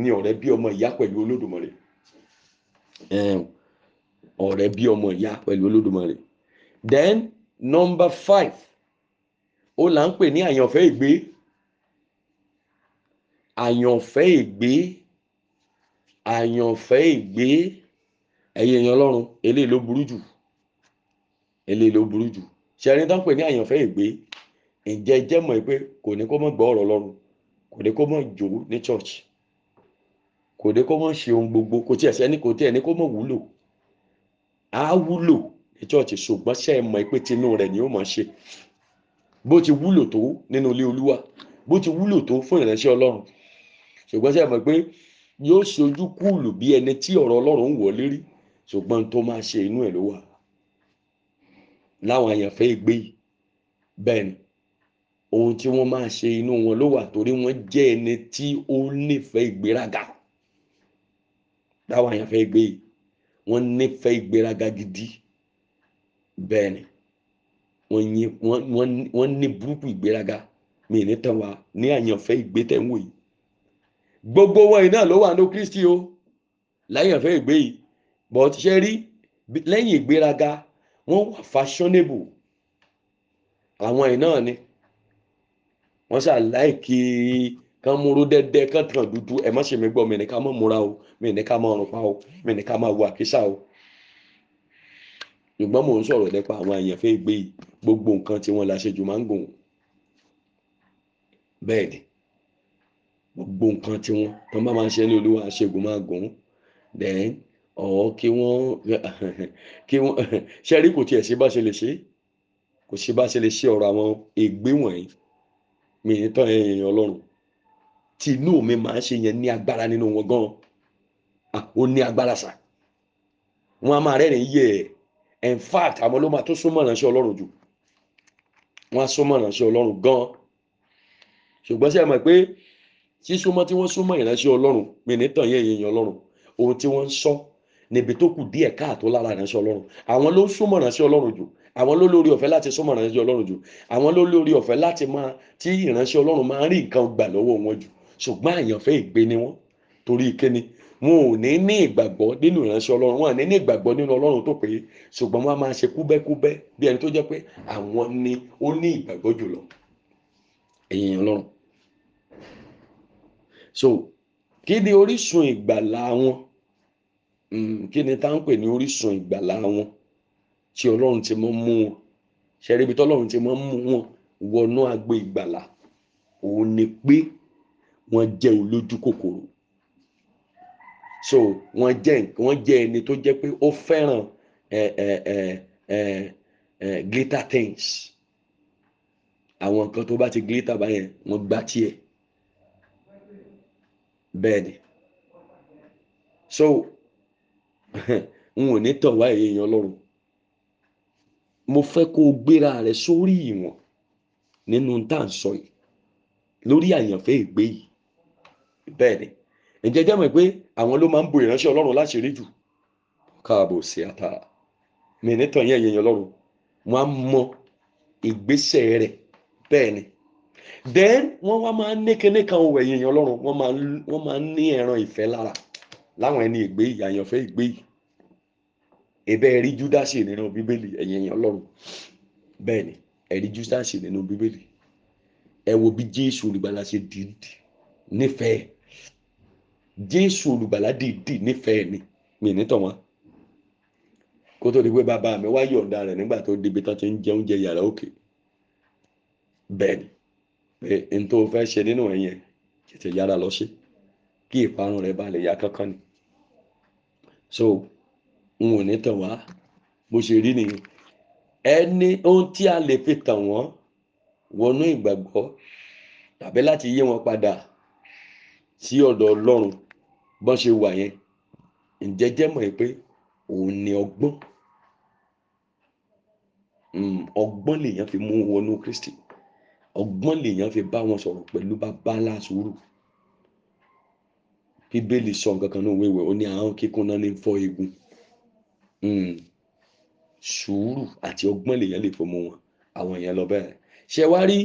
ni ọ̀rẹ́ bí ọmọ ìyá pẹ̀lú olódùmarè ọ̀rẹ́ bí ọmọ ìyá pẹ̀lú olódùmarè then number five ó là ń pè ní àyànfẹ́ ìgbé àyànfẹ́ ìgbé àyànfẹ́ ìgbé ẹ̀yin èèyàn ọlọ́run eléyìí ló burú jù eléyìí ló burú jù ṣẹ́rin tán pè ní àyànfẹ́ ìgbé ǹjẹ́ jẹ́ mọ̀ pé kò ní kó mọ̀ gbọ́ ọ̀rọ̀ Ọlọ́run kò ní kó mọ̀ jó ní church kò ní kó mọ̀ ṣe ohun gbogbo kò tiẹ̀ sẹ́ni kò tiẹ̀ ní kó mọ̀ wúlò á wúlò ní church ṣùgbọ́n ṣe é mọ̀ pé tinú rẹ̀ ni ó mọ̀ ṣe bó ti wúlò tó nínú ilé Olúwa bó ti wúlò tó fún ìránṣẹ́ Ọlọ́run ṣùgbọ́n ṣe é mọ̀ pé yóò ṣojú kúùlù bí ẹni tí ọ̀rọ̀ Ọlọ́run wọ̀ lérí ṣùgbọ́n tó máa ṣe inú ẹ̀ ló wà láwọn àyànfẹ́ ìgbé yìí bẹ́ẹ̀ ni ohun tí wọ́n máa ṣe inú wọn ló wà torí wọ́n jẹ́ ẹni tí ó nífẹ̀ẹ́ ìgbéraga táwọn àyàn fẹ́ gbé yìí wọ́n nífẹ̀ẹ́ ìgbéraga gidi bẹ́ẹ̀ ni wọ́n ní burúkú ìgbéraga mi ní tán wa ní àyànfẹ́ ìgbé tẹ̀ ń wò yìí gbogbo wọn iná ló wà ní Kristi o láyànfẹ́ ìgbé yìí but ṣe rí lẹ́yìn ìgbéraga wọ́n wà fashionable àwọn iná ni wọ́n ṣáà láìkí kán múrú dẹ́dẹ́ kán tàn dúdú ẹ̀ má ṣe mi gbọ́ mi ní ká má múra o mi ní ká má rùn pa o mi ní ká má wo àkísà o ṣùgbọ́n mò ń sọ̀rọ̀ nípa àwọn èèyàn fẹ́ gbé gbogbo nǹkan tí wọ́n la ṣe jù máa ń gùn bẹ́ẹ̀ ni gbogbo nǹkan tí wọ́n tán bá máa ń ṣe ní olúwa ṣègùn máa gùn then ọ̀ kí wọ́n kí wọ́n ṣẹ́rí kò tiẹ̀ sí bá ṣe lè ṣe kò sí bá ṣe lè ṣe ọ̀rọ̀ àwọn ègbé wọ̀nyí mi ní tán èèyàn ọlọ́run tí inú mi máa ń ṣe yẹn ní agbára nínú wọn gan ó ní agbára sà wọn a máa rẹ́rìn yẹ ẹ̀ in fact àwọn ló máa tó súnmọ́ ìránṣẹ́ ọlọ́run jù wọn á súnmọ́ ìránṣẹ́ ọlọ́run gan ṣùgbọ́n sí ẹ mọ̀ pé sísúnmọ́ tí wọ́n súnmọ́ ìránṣẹ́ ọlọ́run mi ní tán yẹ èèyàn ọlọ́run ohun tí wọ́n ń sọ níbi tó kù díẹ̀ káàtó lára ìránṣẹ́ ọlọ́run àwọn ló súnmọ́ ìránṣẹ́ ọlọ́run jù àwọn ló lórí ọ̀fẹ́ láti súnmọ́ ìránṣẹ́ ọlọ́run jù àwọn ló lórí ọ̀fẹ́ láti máa tí ìránṣẹ́ ọlọ́run máa ń rí nǹkan gbà lọ́wọ́ wọn jù ṣùgbọ́n àyànfẹ́ ìgbé ni wọ́n torí kíni wọn ò ní ní ìgbàgbọ́ nínú ìránṣẹ́ ọlọ́run wọn à ní ní ìgbàgbọ́ nínú ọlọ́run tó pé ṣùgbọ́n wọn á máa ṣe kúbẹ́kúbẹ́ bí ẹni tó jẹ́ pé àwọn ni ó ní ìgbàgbọ́ jùlọ èyí ọlọ́run so kí ni orísun ìgbàlà wọn hmm, kí ni táwọn pè ní orísun ìgbàlà wọn tí ọlọ́run ti mọ́ mú wọn ṣẹ́rí ibi tọ́lọ́run ti mọ́ mú wọn wọnú agbo ìgbàlà òun ni pé wọ́n jẹ́ olójú kòkòrò so wọ́n jẹ́ wọ́n jẹ́ ẹni tó jẹ́ pé ó fẹ́ràn glitter things àwọn nǹkan tó bá ti glitter báyẹn wọ́n gbá tiẹ̀ bẹ́ẹ̀ ni so n ò ní tọ̀ wá èèyàn lọ́rùn mo fẹ́ kó o gbéra rẹ sórí ìwọ̀n nínú tá à ń sọ yìí lórí àyànfẹ́ ìgbé yìí bẹ́ẹ̀ ni ǹjẹ́ jẹ́ mọ̀ pé àwọn ló máa ń bo ìránṣẹ́ ọlọ́run láṣìírí jù káàbọ̀ sí ata mi nítorí ẹ̀yẹ yẹn ọlọ́run wọ́n á mọ ìgbésẹ̀ rẹ̀ bẹ́ẹ̀ ni then wọ́n wá máa ń ní kíní kan òwò ẹ̀yẹ yẹn ọlọ́run wọ́n máa ń ní ẹran ìfẹ́ lára láwọn ẹni ìgbé yìí àyànfẹ́ ìgbé yìí ebe ẹ̀rí júdásì nínú bíbélì ẹ̀yin ẹ̀yin ọlọ́run bẹ́ẹ̀ ni ẹ̀rí júdásì nínú bíbélì ẹ wo bí jésù olùgbàlà ṣe dìídì nífẹ̀ẹ́ jésù olùgbàlà dìídì nífẹ̀ẹ́ ni mi ní tọ̀ wọ́n kó tó di pé bàbá mi wá yọ̀ǹda rẹ̀ nígbà tó débi tán ti ń jẹ oúnjẹ yàrá òkè bẹ́ẹ̀ ni pé n tó fẹ́ ṣe nínú ẹ̀yìn tètè yára lọ sí kí ìparun rẹ̀ bá yá kánkán ni so n ò ní tàn wá bó ṣe rí nìyẹn ẹni ohun tí a lè fi tàn wọ́n wọnú ìgbàgbọ́ tàbí láti yé wọn padà sí ọ̀dọ̀ ọlọ́run bọ́n ṣe wà yẹn ǹjẹ́ jẹ́ mọ̀ pé òun ni ọgbọ́n hmm, ọgbọ́n lèèyàn fi mú wọnú kristi ọgbọ́n lèèyàn fi bá wọn sọ̀rọ̀ pẹ̀lú bàbá aláṣúrù bíbélì sọ nǹkan kan ní òwe ìwẹ̀ ó ní àwọn kíkún náà ní fọ́ egun. Hmm. sùúrù àti ọgbọ́n lèèyàn lè fọmọ wọn àwọn èèyàn lọ bẹ́ẹ̀ ṣe wá rí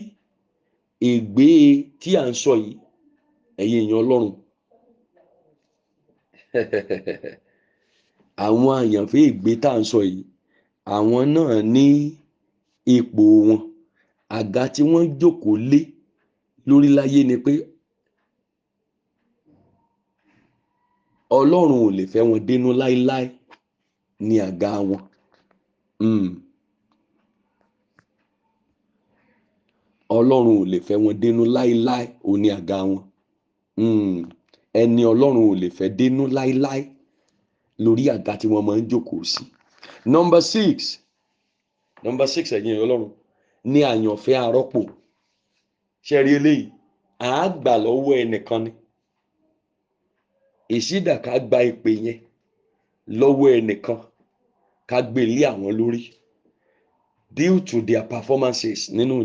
ègbé tí à ń sọ yìí ẹ̀yin èèyàn ọlọ́run àwọn àyànfẹ́ ègbé tá à ń sọ yìí àwọn náà ní ipò wọn àga tí wọ́n jókòó lé lórí láyé ni pé ọlọ́run ò lè fẹ́ wọn dénú láéláé. Ni àga wọn. Hmm. ọlọ́run ò lè fẹ́ wọn dénú láéláé ò ní àga wọn hmm. ẹni ọlọ́run ò lè fẹ́ dénú láéláé lórí àga tí wọ́n máa ń jókòó sí. number six number six ẹ̀yin ọlọ́run ní àyànfẹ́ àrọ́pò ṣe rí eléyìí àá gbà lọ́wọ́ ẹnìkan ni ìṣídàká gba ìpè yẹn lọ́wọ́ ẹnìkan ká gbé lé àwọn lórí due to their performances nínú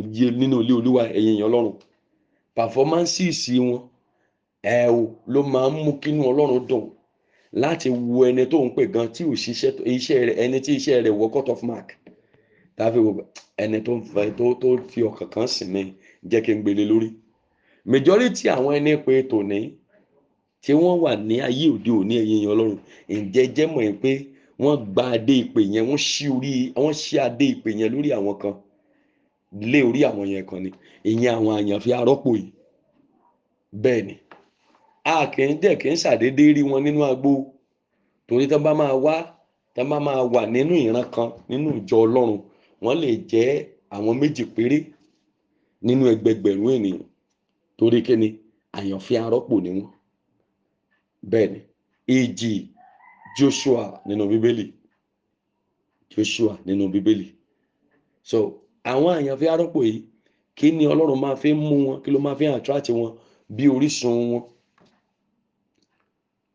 nínú ilé olúwa ẹ̀yin èèyàn ọlọ́run performances wọn ẹ o ló máa ń mú kínú ọlọ́run dùn láti wo ẹni tó ń pè gan tí ò ṣiṣẹ́ iṣẹ́ rẹ̀ ẹni tí iṣẹ́ rẹ̀ wọ cut off mark tàbí ẹni tó fi ọkàn kan sìn mí jẹ́ kí n gbélé lórí majority àwọn ẹni pé tòní tí wọ́n wà ní ayé òde òní ẹ̀yin èèyàn ọlọ́run ǹjẹ́ jẹ́ mọ̀ ẹ́ pé wọ́n gba adé ìpè yẹn wọ́n ṣí orí wọ́n ṣí adé ìpè yẹn lórí àwọn kan lé orí àwọn yẹn kan ni ìyẹn àwọn àyànfi arọ́pò yìí bẹ́ẹ̀ ni a kì í dẹ̀ kì í ṣàdédé rí wọn nínú agbo torí tán bá máa wá tán bá máa wà nínú ìran kan nínú ìjọ ọlọ́run wọ́n lè jẹ́ àwọn méjì péré nínú ẹgbẹgbẹ̀rún ènìyàn torí kíni àyànfi arọ́pò ni wọ́n bẹ́ẹ̀ ni ìjì. Joshua nínú bíbélì Joshua nínú bíbélì so àwọn àyàn fi arọ́pò yìí kí ni Ọlọ́run máa fi mú wọn kí ló máa fi attract wọn bí orísun wọn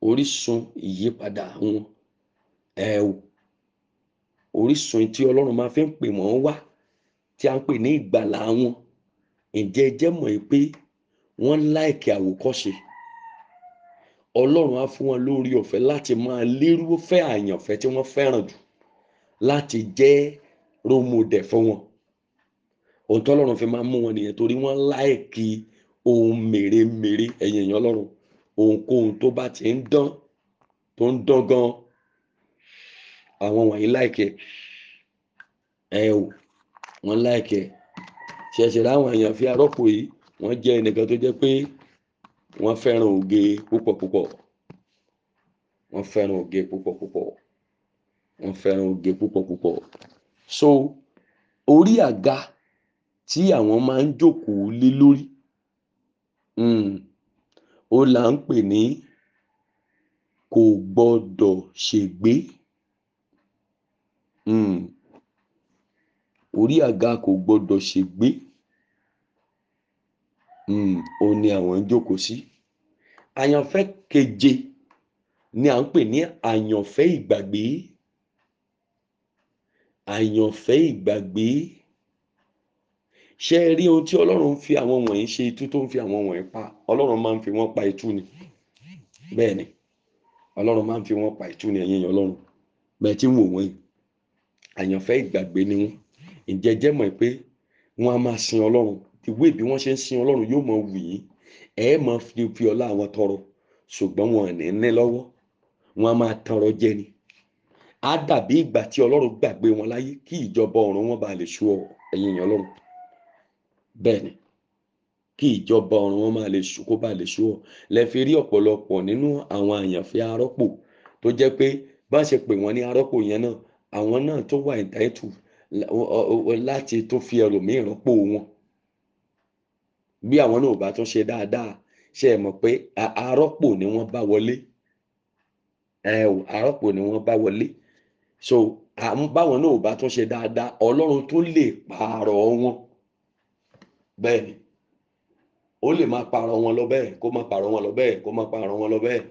orísun ìyípadà wọn ẹ o orísun tí Ọlọ́run máa fi ń pè wọ́n wá tí a ń pè ní ìgbàlà wọn ǹjẹ́ jẹ́ mọ̀ pé wọ́n láìkè àwòkọ́ṣe. Like ọlọ́run á fún wọn lórí ọ̀fẹ́ láti máa lérú fẹ́ àyànfẹ́ tí wọ́n fẹ́ràn jù láti jẹ́ rómọdẹ̀ fún wọn ohun tọ́lọ́run fi máa mú wọn nìyẹn torí wọ́n láìkí ohun mèremère ẹ̀yìn èèyàn ọlọ́run ohunkóhun tó bá ti ń dán tó ń dán gan àwọn wọ̀nyí láìkẹ́ ẹ o wọ́n láìkẹ́ ṣẹ̀ṣẹ̀ láwọn èèyàn fi arọ́pò yìí wọ́n jẹ́ ẹnìkan tó jẹ́ pé wọ́n fẹ́ràn oge púpọ̀ wọ́n fẹ́ràn oge púpọ̀ wọ́n fẹ́ràn oge púpọ̀ so orí àga tí àwọn máa ń jókòó lé lórí hmm, ó là ń pè ní kò gbọ́dọ̀ ṣègbé hmm, orí àga kò gbọ́dọ̀ ṣègbé hmm, òun ni àwọn ń jókòó sí. Si àyànfẹ́ keje ni à ń pè ní àyànfẹ́ ìgbàgbé àyànfẹ́ ìgbàgbé ṣe rí ohun tí ọlọ́run fi àwọn wọ̀nyí ṣe itú tó ń fi àwọn wọ̀nyí pa ọlọ́run máa ń fi wọ́n pa itú ni bẹ́ẹ̀ ni ọlọ́run máa ń fi wọ́n pa itú ni ẹ̀yin ọlọ́run bẹ́ẹ̀ tí ń wò wọ́n yìí àyànfẹ́ ìgbàgbé ni wọ́n ǹjẹ́ jẹ́ mọ̀ pé wọ́n á máa sin ọlọ́run ìwé bí wọ́n ṣe ń sin ọlọ́run yóò mọ wù yín ẹ máa fi fi ọlá àwọn tọrọ ṣùgbọ́n wọn ní ní lọ́wọ́ wọn máa tanrọ jẹ ni á dàbí ìgbà tí ọlọ́run gbàgbé wọn láyé kí ìjọba ọ̀run wọn bá lè sú ọ ẹ̀yìn èèyàn ọlọ́run bẹ́ẹ̀ ni kí ìjọba ọ̀run wọn máa lè sú kó bá lè sú ọ lẹ fi rí ọ̀pọ̀lọpọ̀ nínú àwọn àyànfẹ́ arọ́pò tó jẹ́ pé bá ṣe pè wọ́n ní arọ́pò yẹn náà àwọn náà tó wà entitled láti tó fi ẹlòmíì rọ́pò wọn bí àwọn náà ò bá tún ṣe dáadáa ṣe é mọ̀ pé arọ́pò ni wọ́n bá wọlé arọ́pò ni wọ́n bá wọlé so báwọn náà ò bá tún ṣe dáadáa ọlọ́run tún lè pààrọ̀ wọn bẹ́ẹ̀ ni ó lè máa pààrọ̀ wọn lọ bẹ́ẹ̀ kó máa pààrọ̀ wọn lọ bẹ́ẹ̀ kó máa pààrọ̀ wọn lọ bẹ́ẹ̀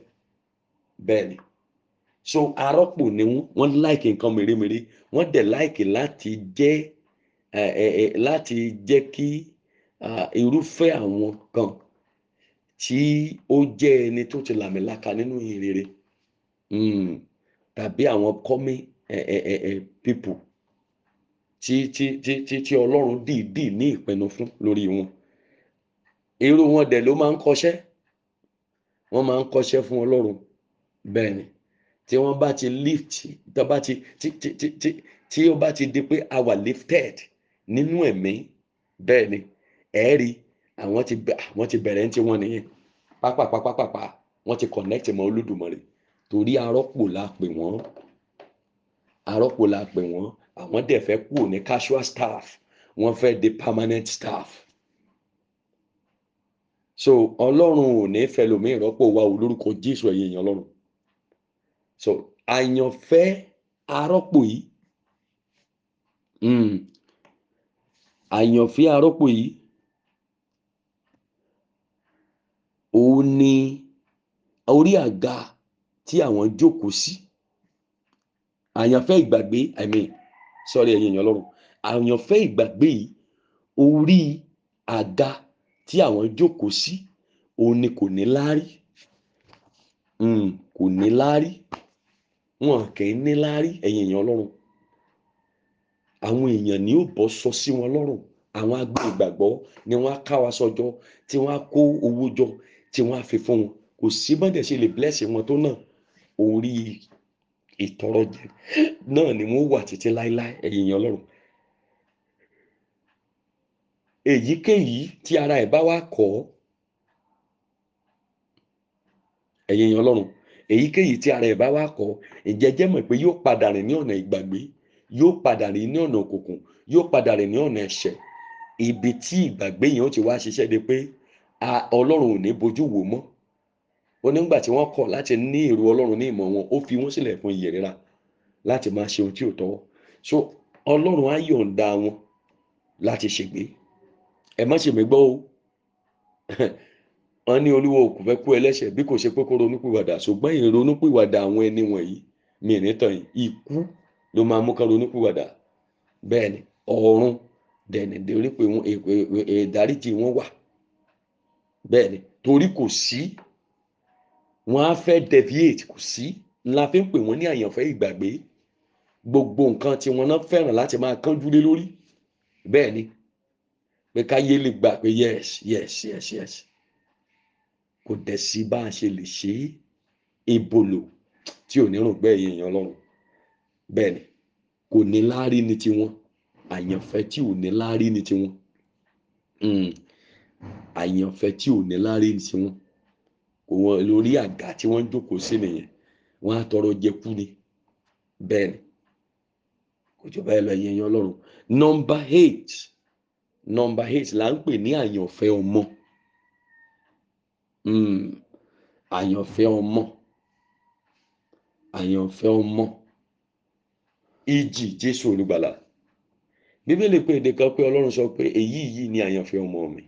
bẹ́ẹ̀ ni so arọ́pò ni wọ́n wọ́n láìkì nǹkan mèremère wọ́n dẹ̀ láìkì láti jẹ́ láti jẹ́ kí irúfẹ́ àwọn kan tí ó jẹ́ ẹni tó ti làmìlaka nínú ìrere hmm, tàbí àwọn kọ́mí pípù tí tí tí tí tí ọlọ́run dìídì ní ìpinnu fún lórí wọn irú wọn dẹ̀ ló máa ń kọṣẹ́ wọ́n máa ń kọṣẹ́ fún ọlọ́run bẹ́ẹ̀ ni tí wọ́n bá ti lift tó bá ti tí tí tí tí ó bá ti di pé a wà lifted nínú ẹ̀mí bẹ́ẹ̀ ni ẹ̀ẹ́rì àwọn ti àwọn ti bẹ̀rẹ̀ ní tiwọn nìyẹn pápápápápá wọ́n ti connect mọ́ olódùmarè torí arọ́pò la pè wọ́n arọ́pò la pè wọ́n àwọn dẹ̀ fẹ́ kúrò ní casual staff wọ́n fẹ́ di permanent staff so ọlọ́run ò ní fẹ́ lómi ìrọ́pò wa ò lórúkọ jésù ẹ̀yẹ èèyàn ọlọ́run so àyànfẹ́ arọ́pò yìí hmm, àyànfẹ́ arọ́pò yìí òun ni orí àga tí àwọn jókòó sí àyànfẹ́ ìgbàgbé i mean sorry ẹ̀yin èèyàn ọlọ́run àyànfẹ́ ìgbàgbé yìí orí àga tí àwọn jókòó sí òun ni kò ní láárí hmm, kò ní láárí wọn kì í ní láárí ẹ̀yin èèyàn ọlọ́run àwọn èèyàn ni ó bọ́ sọ sí wọn lọ́rùn àwọn agbé ìgbàgbọ́ ni wọ́n á ká wa sọjọ́ tí wọ́n á kó owó jọ tí wọ́n á fi fún wọn kò sí bọ́dẹ̀ ṣe lè bless wọn tó náà orí ìtọrọ jẹ náà ni wọ́n wà títí láéláé ẹ̀yin èèyàn ọlọ́run èyíkéyìí tí ara ẹ̀ bá wá kọ́ ẹ̀yin èèyàn ọlọ́run èyíkéyìí tí ara ẹ̀ bá wá kọ́ ìjẹ́jẹ́ mọ̀ pé yóò padà rìn ní ọ̀nà ìgbàgbé yóò padà rìn ní ọ̀nà òkùnkùn yóò padà rìn ní ọ̀nà ẹ̀ṣẹ̀ ibi tí ìgbàgbé yẹn ó ti wá ṣiṣẹ́ de pé ọlọ́run ò ní bojú wò mọ́ ó nígbà tí wọ́n kọ̀ láti ní èrò ọlọ́run ní ìmọ̀ wọn ó fi wọ́n sílẹ̀ fún ìyẹ̀rera láti máa ṣe ohun tí ò tọ́wọ́ so ọlọ́run á yọ̀ǹda wọn láti ṣègbè ẹ má ṣèmí gbọ́ o wọn ní olúwo kò fẹ́ kú ẹlẹ́ṣẹ̀ bí kò ṣe pé kó ronúpìwàdà ṣùgbọ́n ìronúpìwàdà àwọn ẹni wọ̀nyí mi ní tàn yìí ikú ló máa mú ká ronúpìwàdà bẹ́ẹ̀ ni ọ̀run dẹ̀nìdẹ̀ orí pé ìdáríjì wọn wà bẹ́ẹ̀ ni torí kò sí wọ́n á fẹ́ deviate kò sí ńlá fi ń pè wọ́n ní àyànfẹ́ ìgbàgbé gbogbo nǹkan tí wọ́n náà fẹ́ràn láti máa kánjú lé lórí bẹ́ẹ̀ ni pé káyé lè gbà pé yes yes yes yes kò dẹ̀ sí bá a ṣe lè ṣe ebolo tí ò ní rùn bẹ́ẹ̀ yẹn èèyàn lọ́rùn bẹ́ẹ̀ ni kò ní láárí ni tiwọn àyànfẹ́ tí ò ní láárí ni tiwọn. Hmm àyànfẹ́ tí ò ní láre sí wọn kò wọn lórí àga tí wọ́n ń jókòó sí nìyẹn wọ́n á tọrọ jẹkú ni bẹ́ẹ̀ ni kò jọ báyìí lọ yẹn yan ọlọ́run nọmba eight nọmba eight là ń pè ní àyànfẹ́ ọmọ hmm. àyànfẹ́ ọmọ àyànfẹ́ ọmọ ìjì jésù olùgbàlà bíbélì pé èdè kan pé ọlọ́run sọ pé èyí yìí ni àyànfẹ́ ọmọ mi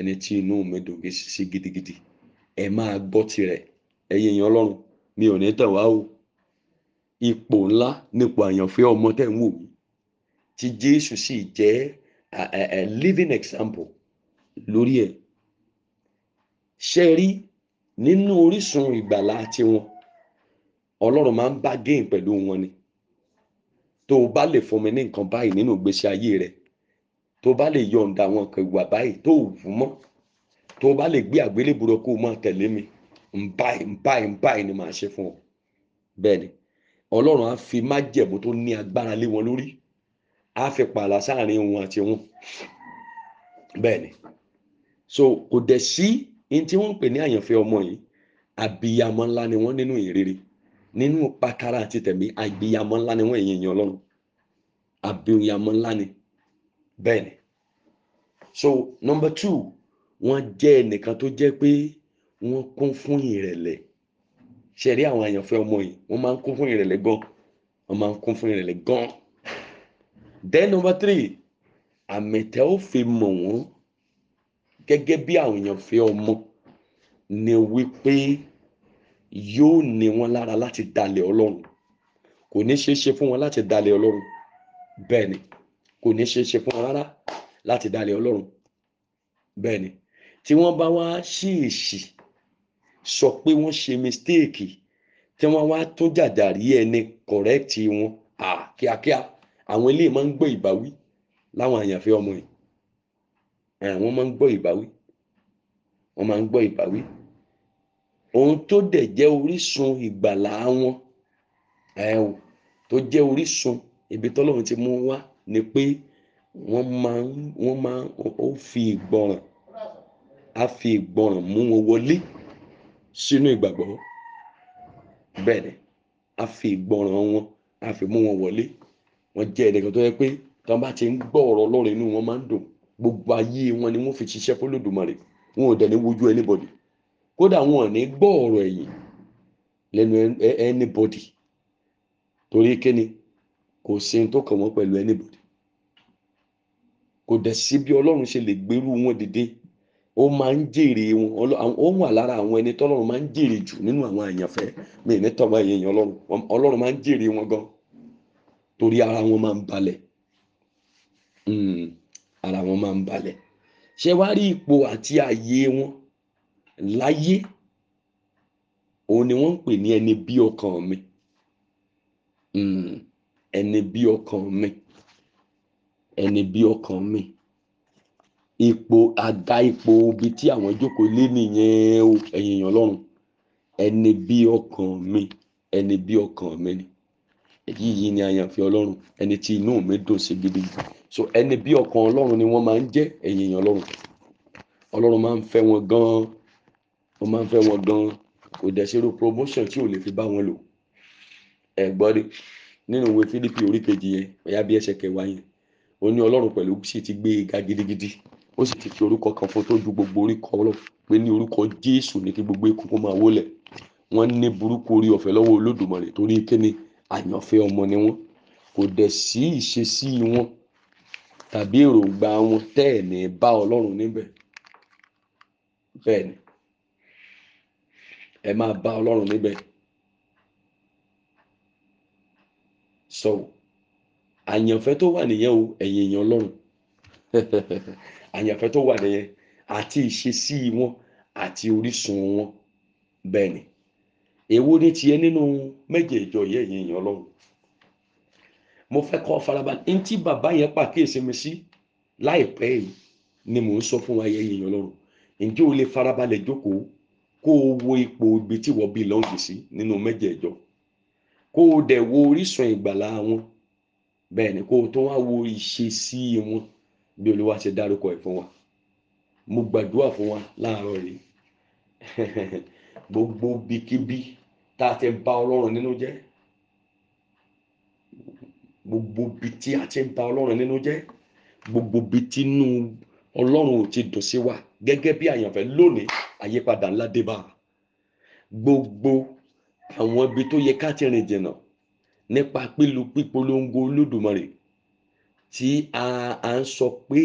ẹni tí inú mi dùn sí gidigidi ẹ máa gbọ́ tirẹ̀ ẹ̀yin èèyàn ọlọ́run mi ò ní tàn wá o ipò ńlá nípò àyànfẹ́ ọmọ tẹ̀ ń wò mí tí jésù sì jẹ́ a living example lórí ẹ̀ ṣe rí nínú orísun ìgbàlá tiwọn ọlọ́run máa ń bá géèmù pẹ̀lú wọn ni tó o bá lè fún mi ní nǹkan báyìí nínú ìgbésí ayé rẹ̀ tó bá lè yọ̀ǹda àwọn kan ìwà báyìí tó wù mọ́ tó bá lè gbé àgbélébùrọ̀ kó o máa tẹ̀lé mi ń báyìí ń ni màá ṣe fún ọ bẹ́ẹ̀ ni ọlọ́run á fi májẹ̀mú tó ní agbára lé wọn lórí á fi pààlà sáàrin wọn àti wọn bẹ́ẹ̀ ni so kò dẹ̀ sí ní tí wọ́n ń pè ní àyànfẹ́ ọmọ yìí àbíyamọ ńlá ni wọ́n nínú ìrírí nínú pátára àti tẹ̀mí àbíyamọ ńlá ni wọ́n èyí èèyàn ọlọ́run àbíyamọ ńlá ni bẹ́ẹ̀ni so number two wọ́n jẹ́ ẹnìkan tó jẹ́ pé wọ́n kún fún ìrẹ̀lẹ̀ ṣẹ̀rí àwọn àyànfẹ́ ọmọ yìí wọ́n máa ń kún fún ìrẹ̀lẹ̀ gan wọ́n máa ń kún fún ìrẹ̀lẹ̀ gan then number three àmẹ̀tẹ́ ó fi mọ̀ wọ́n gẹ́gẹ́ bí àwọn àyànfẹ́ ọmọ ni wípé yóò ní wọn lára láti dalẹ̀ ọlọ́run kò ní ṣeé ṣe fún wọn láti dalẹ̀ ọlọ́run bẹ́ẹ̀ ni kò ní ṣe ṣe fún wọn rárá láti dalẹ̀ ọlọ́run bẹ́ẹ̀ ni tí wọ́n bá wá ṣèèṣì sọ pé wọ́n ṣe mistake tí wọ́n wá tún jàjàrí ẹni correct wọn kíákíá àwọn ilé máa ń gbọ́ ìbáwí láwọn àyànfẹ́ ọmọ yìí àwọn máa ń gbọ́ ìbáwí wọ́n máa ń gbọ́ ìbáwí ohun tó dẹ̀ jẹ́ orísun ìgbàlà wọn ẹ̀ o tó jẹ́ orísun ibi tọ́lọ́run ti mú wá ni pé wọ́n máa ń wọ́n máa ó fi ìgbọràn á fi ìgbọràn mú wọn wọlé sínú ìgbàgbọ́ bẹ́ẹ̀ ni á fi ìgbọràn wọn á fi mú wọn wọlé wọ́n jẹ́ ẹ̀dẹ̀kan tó yẹ pé tí wọ́n bá ti ń gbọ́ ọ̀rọ̀ Ọlọ́run inú wọn máa ń dùn gbogbo ayé wọn ni wọ́n fi ṣiṣẹ́ fÓlódùmarè wọn ò dẹ̀ ní wojú anybody kódà wọn ò ní gbọ́ ọ̀rọ̀ ẹ̀yìn lẹ́nu anybody torí kíni kò sí ohun tó kàn wọ́n pẹ̀lú anybody kò dẹ̀ sí bí ọlọ́run ṣe lè gbèrú wọn dìde ó máa ń jèrè wọn ó wà lára àwọn ẹni tọ́lọ́run máa ń jèrè jù nínú àwọn àyànfẹ́ mi ní tọ́gbà èèyàn ọlọ́run ọlọ́run máa ń jèrè wọn gan torí ara wọn máa ń balẹ̀ hmm, ara wọn máa ń balẹ̀ ṣé wàá rí ipò àti ààyè wọn láyé òun ni wọ́n ń pè ní ẹni bí ọkàn mi. Hmm ẹni bí ọkàn mi ẹni bí ọkàn mi ipò àga ipò ibi tí àwọn jókòó lé nìyẹn o ẹ̀yin èèyàn lọ́rùn ẹni bí ọkàn mi ẹni bí ọkàn mi ni èyí yìí ni àyànfẹ́ ọlọ́run ẹni tí inú mi dùn sí gidi so ẹni bí ọkàn ọlọ́run ni wọ́n máa ń jẹ́ ẹ̀yin èèyàn lọ́rùn ọlọ́run máa ń fẹ́ wọn gan-an máa ń fẹ́ wọn gan kò dẹ̀ ṣerú promotion tí ò lè fi bá wọn lò ẹ̀ gbọ́ nínú ìwé Fílípì orí kejì yẹn ọ̀yá bí ẹsẹ̀ kẹwàá yẹn ó ní ọlọ́run pẹ̀lú sì ti gbé e ga gidigidi ó sì ti fi orúkọ kan fún tó ju gbogbo orúkọ lọ pé ní orúkọ Jésù ní kí gbogbo ikú kó máa wólẹ̀ wọ́n ní burúkú orí ọ̀fẹ́ lọ́wọ́ Olódùmarè torí kíni àyànfẹ́ ọmọ ni wọ́n kò dẹ̀ sí ìṣesí wọn tàbí èròǹgbà wọn tẹ́ ẹ̀ ní bá ọlọ́run níbẹ̀ bẹ́ẹ̀ ni ẹ máa bá ọlọ́run níbẹ̀ sọ o àyànfẹ́ tó wà nìyẹn o ẹ̀yin èèyàn ọlọ́run àyànfẹ́ tó wà nìyẹn àti ìṣesí wọn àti orísun wọn bẹ́ẹ̀ ni èwo ni tiẹ̀ nínú mẹ́jẹ̀ẹ̀jọ yẹ ẹ̀yin èèyàn ọlọ́run mo fẹ́ kọ́ farabalẹ̀ ntí bàbá yẹn pàkíyèsí mi sí láìpẹ́ yìí ni mò ń sọ fún wa ẹ̀yin èèyàn ọlọ́run ǹjẹ́ o lè farabalẹ̀ jókòó kó o wo ipò ibi tí wọ́n bí lọ́ọ̀gì sí nínú mẹ́jẹ̀ẹ̀jọ. No kó o dẹ̀ wo orísun ìgbàlá wọn bẹ́ẹ̀ ni kó o tó wá wo ìṣesí wọn bí olúwa ṣe dárúkọ ẹ̀ fún wa mo gbàdúrà fún wa láàárọ̀ rèé gbogbo bikíbi tá a ti ń ọlọ́run nínú jẹ́ gbogbo bi tí a ti ń bá ọlọ́run nínú jẹ́ gbogbo bi tí inú ọlọ́run ò ti dùn sí wa gẹ́gẹ́ bí àyànfẹ́ lónìí àyípadà ńlá dé bá gbogbo àwọn ibi tó yẹ ká ti rìn jìnnà nípa pílu pípolongo olódùmarè tí a ń sọ pé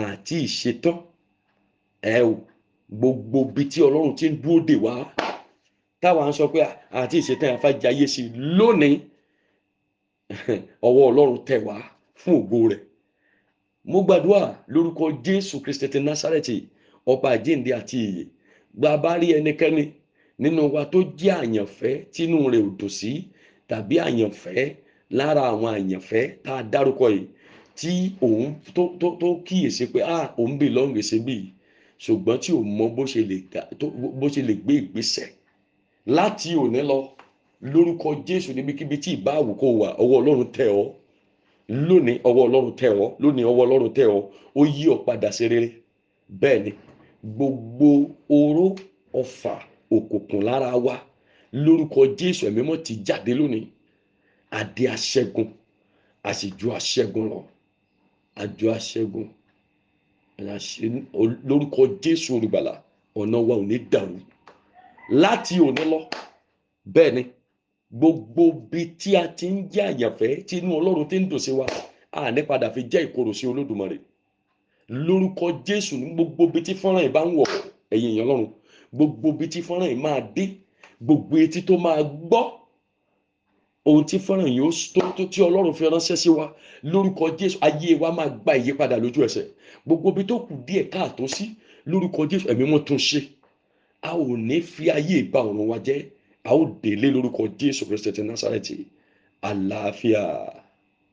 àti ìṣetán ẹ o gbogbo ibi tí ọlọ́run ti ń dúró dè wá táwa ń sọ pé àti ìṣetán àfàjáyé sí lónìí ọwọ́ ọlọ́run tẹ̀ wá fún ògo rẹ̀ mo gbàdúrà lórúkọ jésù kristi ti násàrẹ́tì ọba àjíǹde àti ìyè gbà ẹnikẹ́ni nínú wa tó jẹ́ àyànfẹ́ tínú rẹ̀ ò dùn sí tàbí àyànfẹ́ lára àwọn àyànfẹ́ tá a dárúkọ yìí tí òun tó tó tó kíyèsí pé ah òun bì lọ́rùn ṣe bì ṣùgbọ́n tí ò mọ bó ṣe lè bó ṣe lè gbé ìgbésẹ̀ láti òní lọ lórúkọ Jésù níbikíbi tí ìbá àwùkọ wà ọwọ́ Ọlọ́run tẹ̀ ọ́ lónìí ọwọ́ Ọlọ́run tẹ̀ ọ́ lónìí ọwọ́ Ọlọ́run tẹ̀ ọ́ ó yí ọ padà sí rere bẹ́ẹ̀ ni gbogbo oró ọfà òkùnkùn lára wa lórúkọ jésù ẹ̀mí mímọ́ ti jáde lónìí adé aṣẹ́gun a sì ju aṣẹ́gun lọ àjọ aṣẹ́gun lórúkọ jésù olùgbàlà ọ̀nà wa ò ní dàrú láti òní lọ bẹ́ẹ̀ ni gbogbo bi tí a ti ń jẹ́ àyànfẹ́ tí inú ọlọ́run ti ń dùn sí wa a ní padà fi jẹ́ ìkorò sí olódùmarè lórúkọ jésù ní gbogbo bi tí fọ́nrán ìbá ń wọ̀ ẹ̀yìn ìyẹn gbogbo ibi tí fọ́nrán yìí máa dé gbogbo etí tó máa gbọ́ ohun tí fọ́nrán yìí ó tó tí ọlọ́run fi ránṣẹ́ sí wa lórúkọ jésù ayé wa máa gba ìyípadà lójú ẹsẹ̀ gbogbo ibi tó kù díẹ̀ káàtó sí lórúkọ jésù ẹ̀mí mọ́ tún ṣe a ò ní fi ayé ìgbà ọ̀run wa jẹ́ a ó délé lórúkọ jésù kristi ti násàrẹ́tì àlàáfíà.